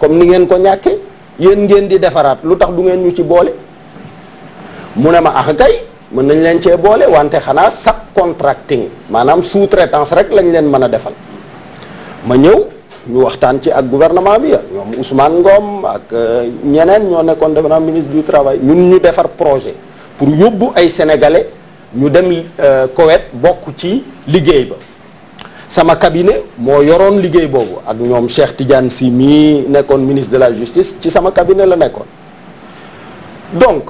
comme ni ngeen ko ñàkke yéen ngeen di defaraat lu tax du ngeen ñu ci boole mu ne ma ah kay mën nañ leen cee boole wante xanaa subcontracting maanaam sous-traitance rek lañ leen mën a defal ma ñëw ñu waxtaan ci ak gouvernement bi ñoom Ousmane Ngom ak euh, ñeneen ñoo nekkoon defe naa ministre du travail ñun ñu defar projet pour yóbbu ay sénégalais ñu dem euh, kowet bokk ci liggéey ba sama cabinet moo yoroon liggéey boobu ak ñoom Cheikh Tidiane si mi nekkoon ministre de la justice ci sama cabinet la nekkoon donc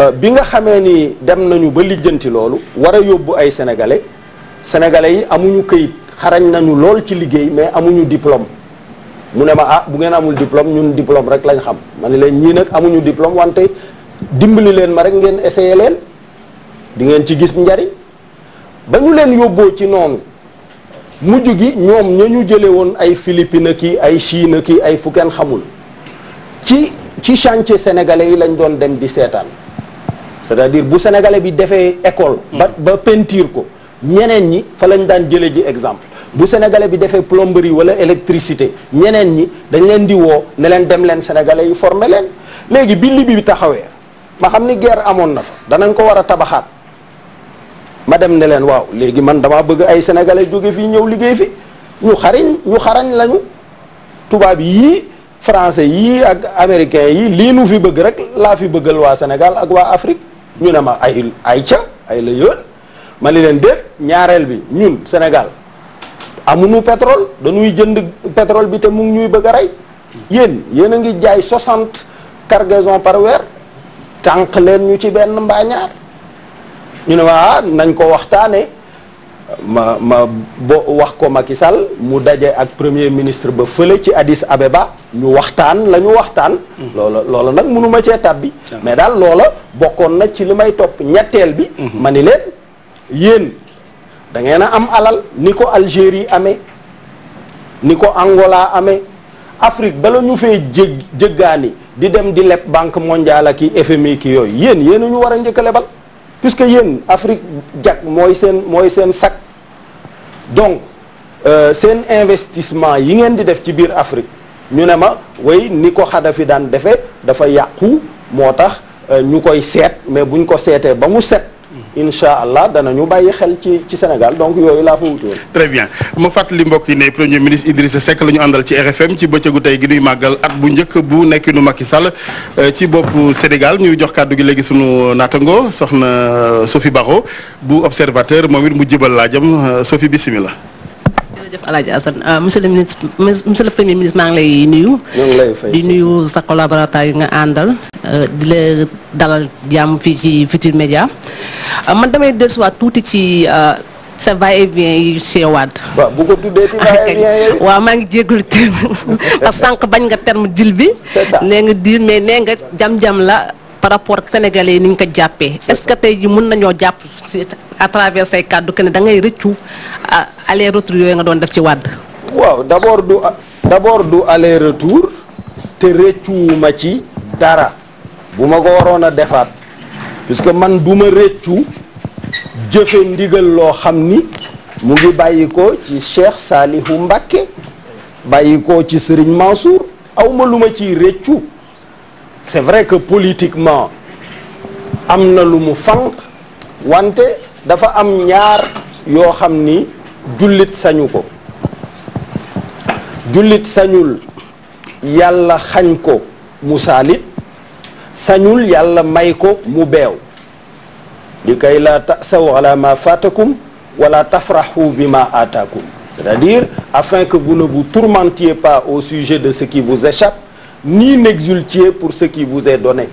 euh, bi nga xamee ni dem nañu ba lijjanti loolu war a yóbbu ay sénégalais sénégalais yi amuñu këyit. xarañ nañu lool ci liggéey mais amuñu diplôme mu ne ma ah bu ngeen amul diplôme ñun diplôme rek lañ xam ma ne leen ñii nag amuñu diplôme wante dimbali leen ma rek ngeen essayé leen di ngeen ci gis njariñ ba ñu leen yóbboo ci noonu mujj gi ñoom ña ñu jële woon ay Philippines ki ay Chine ki ay fu kenn xamul ci ci chantier sénégalais yi lañ doon dem di seetaan c'est-à-dire bu sénégalais bi defee école ba ba peinture ko ñeneen ñi fa lañ daan jële ji exemple bu sénégalais bi defee plomberie wala électricité ñeneen ñi dañ leen di woo ne leen dem leen sénégalais yu former leen léegi bi Libye bi taxawee ma xam ni guerre amoon na fa danañ ko war a tabaxaat ma dem ne leen waaw léegi man damaa bëgg ay sénégalais jóge fii ñëw liggéey fi ñu xariñ ñu xarañ lañu tubaab yii français yii ak américains yii lii nu fi bëgg rek laa fi bëggal waa Sénégal ak waa Afrique ñu ne ma ay ay ca ay la yoon ma ne leen déet ñaareel bi ñun Sénégal amuñu pétrole dañuy jënd pétrole bi te mu ngi ñuy bëgg a rey yéen yéen a ngi jaay 60 cargaison par weer tànq leen ñu ci benn mbaa ñu ne waa nañ ko waxtaane ma ma bo wax ko Macky Sall mu daje ak premier ministre ba fële ci Addis Abeba ñu waxtaan lañu waxtaan. Mm-hmm. loola loola nag mënuma cee tàbbi. mais daal loola bokkoon na ci li may topp ñetteel bi. Mm-hmm. ma ni leen yéen. dangeen a am alal ni ko Algérie amee ni ko Angola amee Afrique bala ñu fee jég di dem di leb banque mondiale ki FMI ki yooyu yéen yéen ñu war a njëkk a lebal puisque yéen Afrique jag mooy seen mooy seen sac donc euh, seen investissement yi ngeen di def ci biir Afrique ñu ne ma way ni ko Xadafi daan defe dafa yàqu moo tax euh, ñu koy seet mais buñ ko seetee ba mu set. incha allah danañu bàyyi xel ci ci Sénégal donc yooyu laa fa wuti très bien ma fàttali mbokk yi ne premier ministre Idrissa Seck la ñu àndal ci RFM ci bëccëgu tey gi nuy màggal at bu njëkk bu nekkinu Macky Sall euh, ci boppu Sénégal ñuy jox kàddu gi léegi suñu naatango soxna Sophie Baro bu observateur moom it mu jibal laajam euh, Sophie bisimilah. jërëjëf El Hadj Assane euh, le ministre monsieur le premier ministre maa ngi lay nuyu. di nuyu sa collaborateur yi nga àndal. Euh, di la dalal jàmm fii ci Futurs Médias euh, man damay desuwaat tuuti ci. sa va-et-vient yi seewaat. waaw maa ngi jégalu terme parce que bañ nga terme dil bi. c'est ça nee nga dil mais nee nga jam-jam la. par rapport ak sénégalais yi ni ñu ko jàppee. est-ce que tey jii mën nañoo jàpp si à travers say kàddu que ne da ngay rëccu euh, aller retour yooyu nga doon def ci wàdd. waaw d'abord du d'abord du aller retour te rëccuwuma ci dara bu ma ko waroon a defaat que man du ma rëccu jëfe ndigal loo xam ni mu ngi bàyyi ko ci Cheikh Salihu Mbacké bàyyi ko ci Serigne Mansour aw lu ma ciy rëccu. c'est vrai que politiquement am na lu mu fànq wante dafa am ñaar yoo xam ni jullit sañu ko jullit sañul yàlla xañ ko mu saalit sañul yàlla may ko mu beew li kay la tasaw ala ma fatakum wala tafrahu bima ataakum c'est-à-dire afin que vous ne vous tourmentiez pas au sujet de ce qui vous échappe ni n'exultiez pour ce qui vous est donné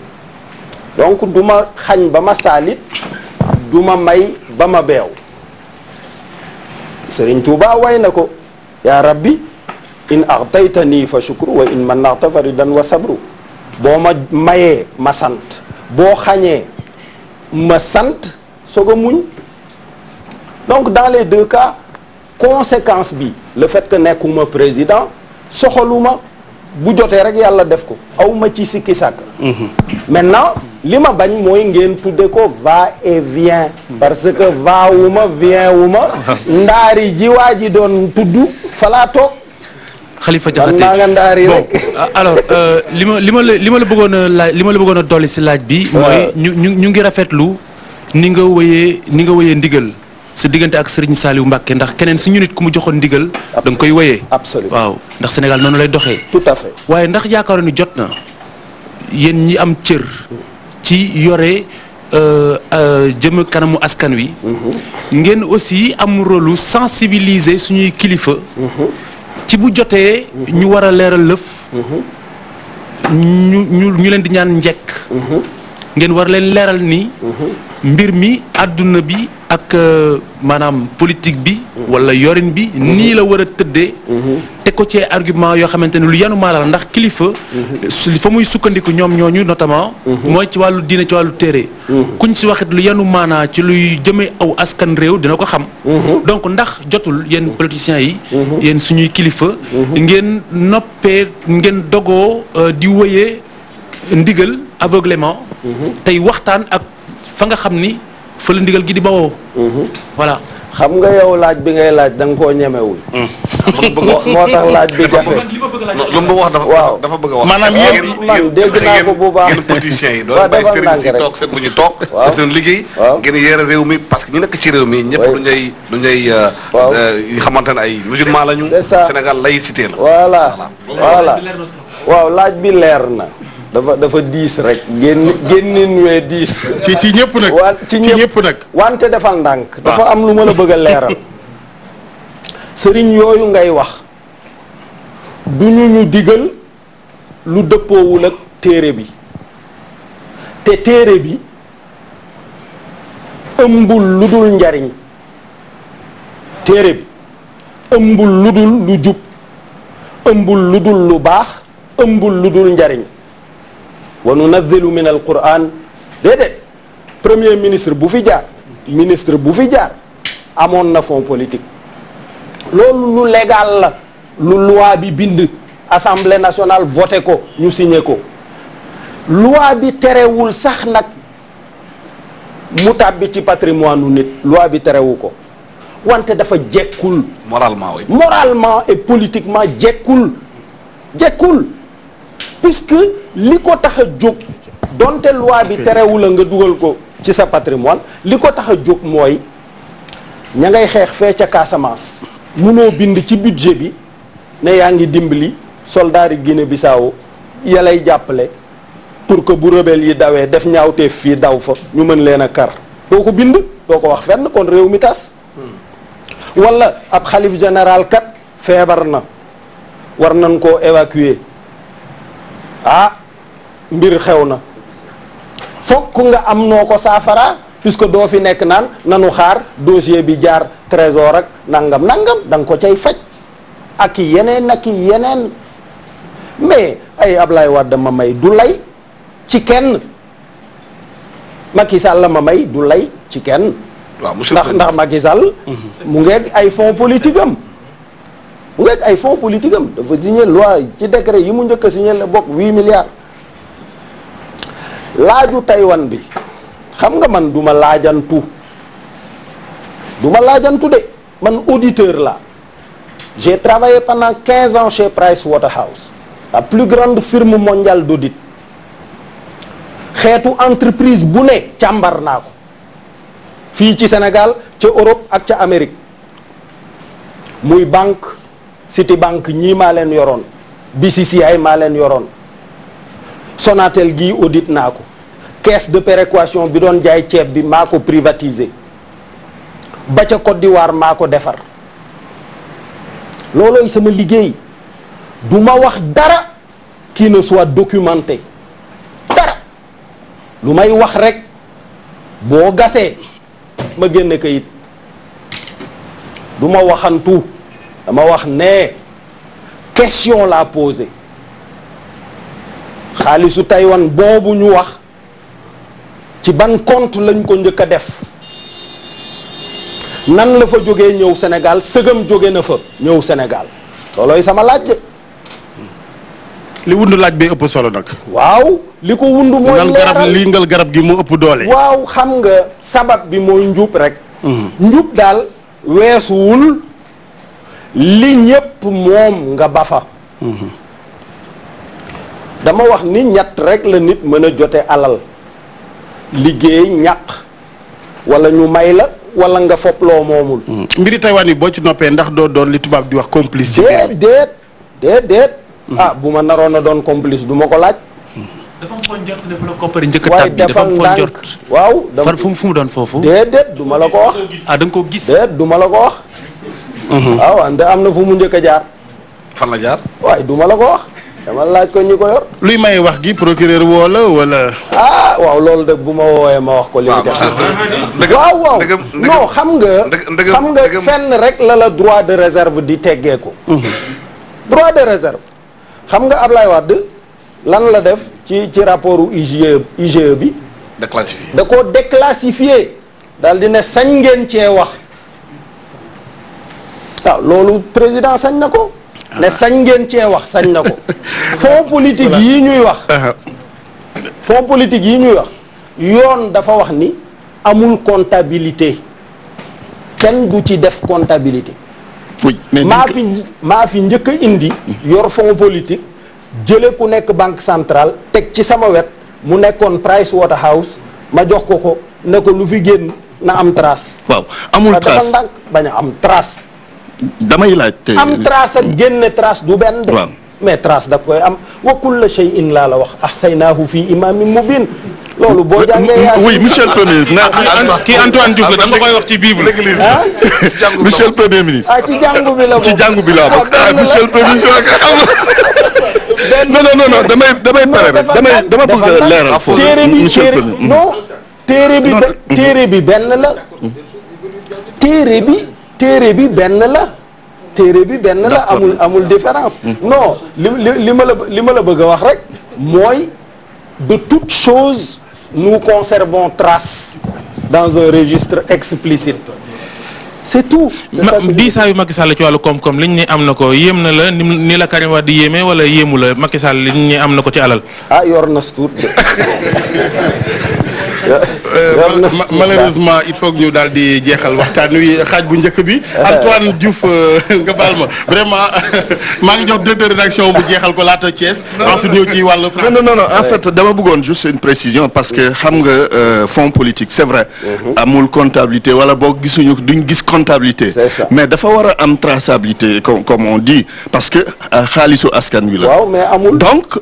donc du ma xañ ba ma saalit du ma may ba ma beew Sëriñ Tuuba way na ko yaa rabbi in axtaytani fa shukru wa in mannaxta faridan wa sabru boo ma mayee ma sant boo xañee ma sant sog a muñ donc dans les deux cas conséquence bi le fait que nekkuma président soxaluma bu jotee rek yàlla def ko aw ma ci sikki sàkk mhm. maintenant li ma bañ mooy ngeen tudde ko va et vient parce que va wu ma vient wu ma ndaari ji waa ji doon tudd falaa toog Khalifa Diakhaté man nga ndaari euh, euh, li ma li ma la li ma la bëggoon a laaj li ma la bëggoon a dolli si laaj bi mooy ñu ñu ngi rafetlu ni nga woye ni nga wëyee ndigal sa diggante ak Serigne Saliou Mbacke ndax keneen suñu nit ku mu joxoon digal da nga koy woyee. absolument waaw ndax Sénégal noonu lay doxee. tout à waaye ndax yaakaaroon ni jot na yéen ñi am cër. ci yore euh, euh, jëm kanamu askan wi. Mm-hmm. ngeen aussi am rôle sensibiliser suñuy kilifa. Mm-hmm. ci bu jotee. Mm-hmm. ñu war a leeral lëf. ñu leen di ñaan njekk ngeen war leen leeral ni. Mhm. mbir mi àdduna bi ak euh, maanaam politique bi. Mhm. wala yorin bi mhm. nii la war a tëddee. te ko ci argument yoo xamante ne lu yanu maa la ndax kilifa. fa muy sukkandiku ñoom ñooñu notamment. mooy ci wàllu diine ci wàllu téere. kuñ si waxit lu yanu maanaa ci luy jëmee aw askan réew dina ko xam. donc ndax jotul yéen politiciens yi. yéen suñuy kilifa. ngeen noppee ngeen dogoo euh, di wëyee ndigal aveuglément. tey waxtaan ak fa nga xam ni fa la ndigal gi di bawoo. Mhm. voilà. xam nga yow laaj bi ngay laaj da nga koo ñemewul. Mhm. moo tax laaj bi jafe. lu mu wax dafa waaw dafa bëgg a wax. maanaam yéen man dégg naa ko bu baax. yéen politiciens yi doon bàyyi sëriñ si toog seen bu ñu toog. waaw seen liggéey. waaw ngeen yeere réew mi parce que ñu nekk ci réew mi. ñëpp du ñuy du ñuy. Euh, waaw yi euh, xamante ne ay musulman lañu. c'est ça Sénégal laïcité la. voilà voilà waaw laaj bi leer na. dafa dafa diis rek génnin wee diis. ci ci ñëpp nag ci wante defal ndànk. dafa am lu ma la bëgg a leeral. sëriñ yooyu ngay wax du ñu ñu digal lu dëppoowul ak téere bi te téere bi ëmbul lu dul njariñ téere bi ëmbul lu dul lu jub ëmbul lu dul lu baax ëmbul lu dul njariñ wa nunazzilu min al quran déedéet premier ministre bu fi jaar ministre bu fi jaar amoon na fond politique loolu lu légal la lu loi bi bind assemblée nationale voté ko ñu signé ko loi bi terewul sax nag mu tàbbi ci patrimoine nu nit loi bi terewu ko wante dafa jekkul moralement oui. moralement et politiquement jekkul jekkul puisque li ko tax a jóg donte loi bi terewul a nga dugal ko ci sa patrimoine li ko tax a jóg mooy ña ngay xeex fee ca Casamance munoo bind ci budget bi ne yaa ngi dimbali soldaari Guinée Bissau ya yalay jàppale pour que bu rebelle yi dawee def ñaawteef fii daw fa ñu mën leen a kar doo ko bind doo ko wax fenn kon réew mi tas wala ab xalif général kat feebar na war nañ koo évacuer ah mbir xew na fokk nga am noo ko saafara puisque doo fi nekk naan nanu xaar dossier bi jaar trésor ak nangam nangam danga ko cay faj ak yeneen ak yeneen mais ay Ablaye Wade ma may du lay ci kenn Macky Sall la ma may du lay ci kenn. waaw monsieur ndax ndax Macky Sall. Mm-hmm. mu ngeeg ay fonds politique am. mu ngeeg ay fonds politique am dafa signé loi ci décret yi mu njëkk a signé la bokk 8 milliards. laaju Taïwan bi xam nga man duma laajantu duma laajantu de man auditeur la j'ai travaillé pendant 15 ans chez Price Waterhouse la plus grande firme mondiale d'audit xeetu entreprise bu ne càmbar naa ko fii ci senegal ca Europe ak ca Amérique muy banque Citibank ñii maa leen yoroon BCCI maa leen yoroon Sonatel gii audit naa ko caisse de péréquation bi doon jaay ceeb bi maa ko privatiser ba ca Côte d'Ivoire maa ko defar loolooy sama liggéey du ma wax dara kii ne soit documenté dara lu may wax rek boo gasee ma génn kayit du ma waxantu dama wax ne question laa posé xaalisu Taïwan boobu ñu wax ci ban compte lañ ko njëkk a def nan la fa jógee ñëw senegal sëgam jóge na fa ñëw Sénégal loolooy sama laaj de. li wund laaj bi ëpp solo nag. waaw li ko wund mooy leeral garab lii ngal garab gi mu ëpp doole. waaw xam nga sabab bi mooy njub rek. Hmm. njub daal weesuwul li ñépp moom nga bafa hmm. dama wax ni ñett rek la nit mën a jote alal liggéey ñàq wala ñu may la walla nga fopp loo moomul. Mm. mbiri Taïwan yi boo ci noppee ndax doo doon li tubaab di wax complice. ci déet déet déet mm. ah, bu ma naroon a doon complice du ma ko laaj. Mm. dafa am foo njort ne fu la njëkk a tàbbi dafa am waaw fan fu fu mu doon foofu. déedéet du la ko wax. ah da koo gis déet du la ko wax. Mm-hmm. Ah, waaw ande am na fu mu njëkk a jaar. fan la jaar. waay du la ko wax. dama laaj ko ñi ko yor. luy may wax gi procureur woo la wala. ah waaw loolu de bu ma woowee ma wax ko. li waaw waaw waaw non xam nga. xam nga fenn rek la la droit de réserve di teggee ko. Mhm. droit de réserve xam nga wax dë lan la def ci ci rapportu IGE IGE bi. déclassifié da koo déclassifié daal di ne sañ ngeen cee wax waaw loolu président sañ na ko. ne sañ ngeen cee wax sañ na ko fonds politique yi ñuy wax uh-huh. fonds politique yi ñuy wax yoon dafa wax ni amul comptabilité kenn du ci def comptabilité maa fi maa fi njëkk a indi mm-hmm. yor fonds politique jële ku nekk banque centrale teg ci sama wet mu nekkoon Price Waterhouse ma jox ko ko ne ko lu fi génn na am trace waaw amul trace dafa ndànk bañ a am trace damay laaj te am trace ak génne trace du benn de mais trace da koy am wa kulla shay'in laa la wax ahsaynaahu fi imaamin mubin loolu boo jàngee yaa oui monsieur le premier ministre kii ah, ah, ah, Antoine Diouf la dama koy wax ci bible monsieur le premier ministre ah ci jàngu bi la ci jàngu bi la bokk monsieur le premier ministre non non non damay damay pare rek damay dama bëgg a leeral foofu monsieur le premier non mm-hmm. téere bi téere bi benn la mm-hmm. téere bi téere bi benn la téere bi benn la amul amul différence mm-hmm. non li li ma la li ma la bëgg a wax rek mooy de toute chose nous conservons trace dans un registre explicite c'est tout. diisaayu yu Sall ci wàllu koom-koom liñ ne am na ko yéem na la ni la Karim Wade di wala yéemu la Macky Sall ne am na ko ci alal. ah yor na si tuut Euh, malheureusement il faut que ñu daal di jeexal waxtaan wi xaaj bu njëkk bi. Ah. Antoine Diouf euh, nga baal ma vraiment maa ngi jox directeur bu jeexal ko laata Thiès. ensuite ñëw ci wàllu France. non en fait dama bëggoon juste une précision parce que xam nga euh, fonds politique c'est vrai. Mhm. amul comptabilité wala boo gisuñu duñ gis comptabilité. mais dafa war a am traçabilité comme on dit parce que xaalisu askan wi la. waaw mais amul donc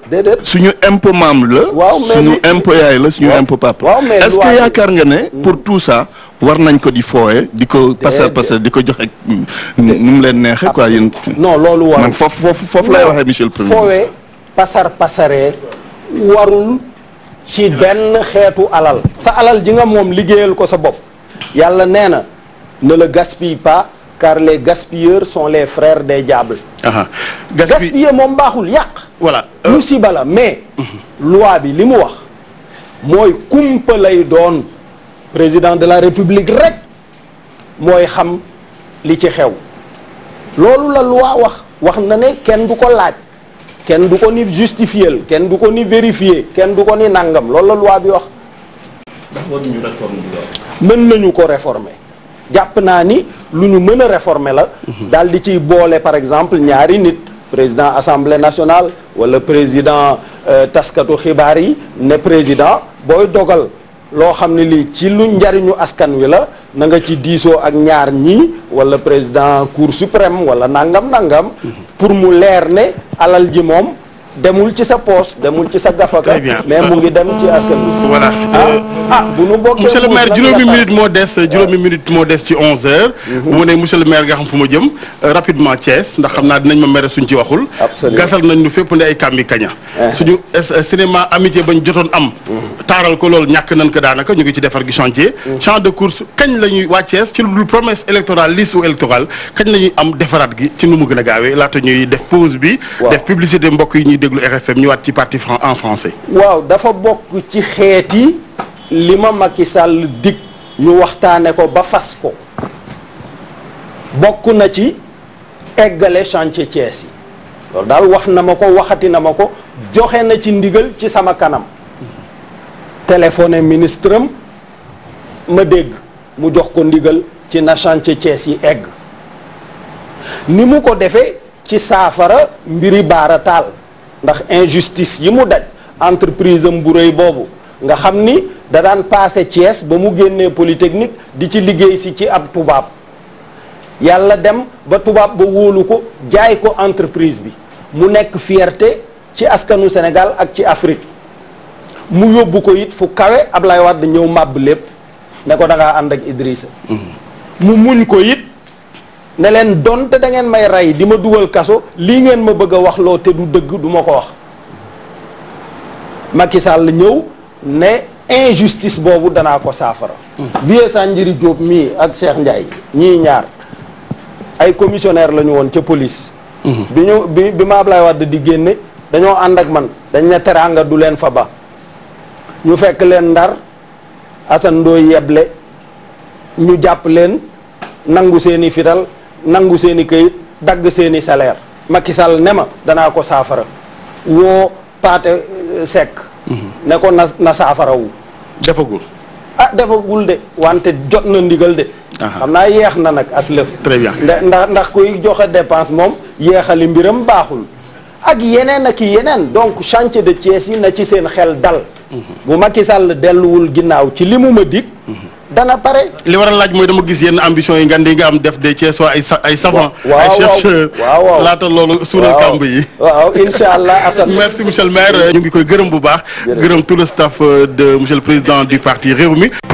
maam la. waaw mais suñu yaay la suñu impôt papa. est-ce yaakaar nga ne mm. pour tout ça war nañ ko di fooye di ko passer passer di ko joxe nu leen neexe quoi yéen non loolu war man foofu foofu foofu lay waxee monsieur le premier foowe pasar pasaree warul ci benn xeetu alal sa alal ji nga moom liggéeyal ko sa bopp yàlla nee na ne le gaspille pas car les gaspilleurs sont les frères des diables gaspiller moom baaxul yàq voilà euh- musiba mais mhm. loi bi li mu wax mooy kumpa lay doon président de la république rek mooy xam li ci xew loolu la loi wax wax na ne kenn du ko laaj kenn du ko ni justifier kenn du ko ni vérifier kenn du ko ni nangam loolu la loi bi wax. ndax waruñu réforme mën nañu ko réformer jàpp naa ni lu ñu mën a réformer la. Mhm. daal di ciy boole par exemple ñaari nit. président assemblée nationale wala président euh, taskatu xibaar yi ne président. booy dogal loo xam ne lii ci lu njariñu askan wi la na nga ci diisoo ak ñaar ñi wala président cour suprême wala nangam nangam mm-hmm. pour mu leer ne alal ji moom demul ci sa poos demul ci sa gafaka mais mu ngi dem ci askan bi voilà ah, ah bu nu bokkee monsieur le maire juróomi minute moo des ah. juróomi minute moo des ci onze heures mhm. mu ne monsieur le maire nga xam fu ma jëm euh, rapidement Thiès ndax xam naa dinañ ma mere suñ ci waxul gasal nañ ñu fépp ne ay kàmmi kaña ah. suñu euh, cinéma amitié bañ jotoon am mhm. taaral ko loolu ñàkk nañ ko daanaka ñu ngi ci defar gi chantier mhm. champ de course kañ la ñuy waa Thiès ci lu promesse électorale liste ou kañ la ñuy am defaraat gi ci nu mu gën a gaawee laata ñuy def pause bi def publicité mbokk yi déglu RFM ñëwaat ci parti en français. waaw dafa bokk ci xeeti li ma Macky Sall dig ñu waxtaane ko ba fas ko bokk na ci eggale chantier Thiès yi daal wax na ma ko waxati na ma ko joxe na ci ndigal ci sama kanam téléphoné ministre ma dégg mu jox ko ndigal ci na chantier Thiès yi egg ni mu ko defee ci saafara mbiri baara taal ndax injustice yi mu daj entreprise am bu rëy boobu nga xam ni da daan passé Thiès ba mu génnee polytechnique di ci liggéey si ci ab tubaab yàlla dem ba tubaab ba wóolu ko jaay ko entreprise bi mu nekk fierte ci askanu Sénégal ak ci Afrique mu yóbbu ko it fu kawe Ablaye Wade ñëw màbb lépp ne ko da ànd ak Idrissa mm-hmm. mu muñ ko ne leen donte da ngeen may rey di ma dugal kaso lii ngeen ma bëgg a wax loo te du dëgg duma ko wax Macky ñëw ne injustice boobu danaa ko saafara. Vieux Sanjiri Diop mii ak Cheikh Ndiaye ñii ñaar ay commissionnaire lañu woon ca police. Mhm. bi ñu bi bi ma Ablaye Wade di génne dañoo ànd ak man dañ ne teraanga du leen fa ba. ñu fekk leen ndar Assane Ndoye yeble ñu jàpp leen nangu seeni fital nangu seen i dagg seeni i salaire Macky ne ma danaa ko saafara woo Paate euh, Seck mhm. ne ko na na saafarawu defagul ah defagul de wante jot na ndigal de yeex na nag as ndax ndax kuy joxe dépense moom yeexali mbiram baaxul ak yeneen ak yeneen donc chantier de Thiès yi na ci seen xel dal mhm. bu Macky delluwul ginnaaw ci li mu ma dig dana pare. li war a laaj mooy dama gis yenn ambition yi ngan di nga am def de Thiès waa ay sa ay savant. ay laata loolu suural kàmb yi. waaw incha allah Assane. merci monsieur le maire ñu ngi koy gërëm bu baax. gërëm tout le staff euh, de monsieur le président du parti mi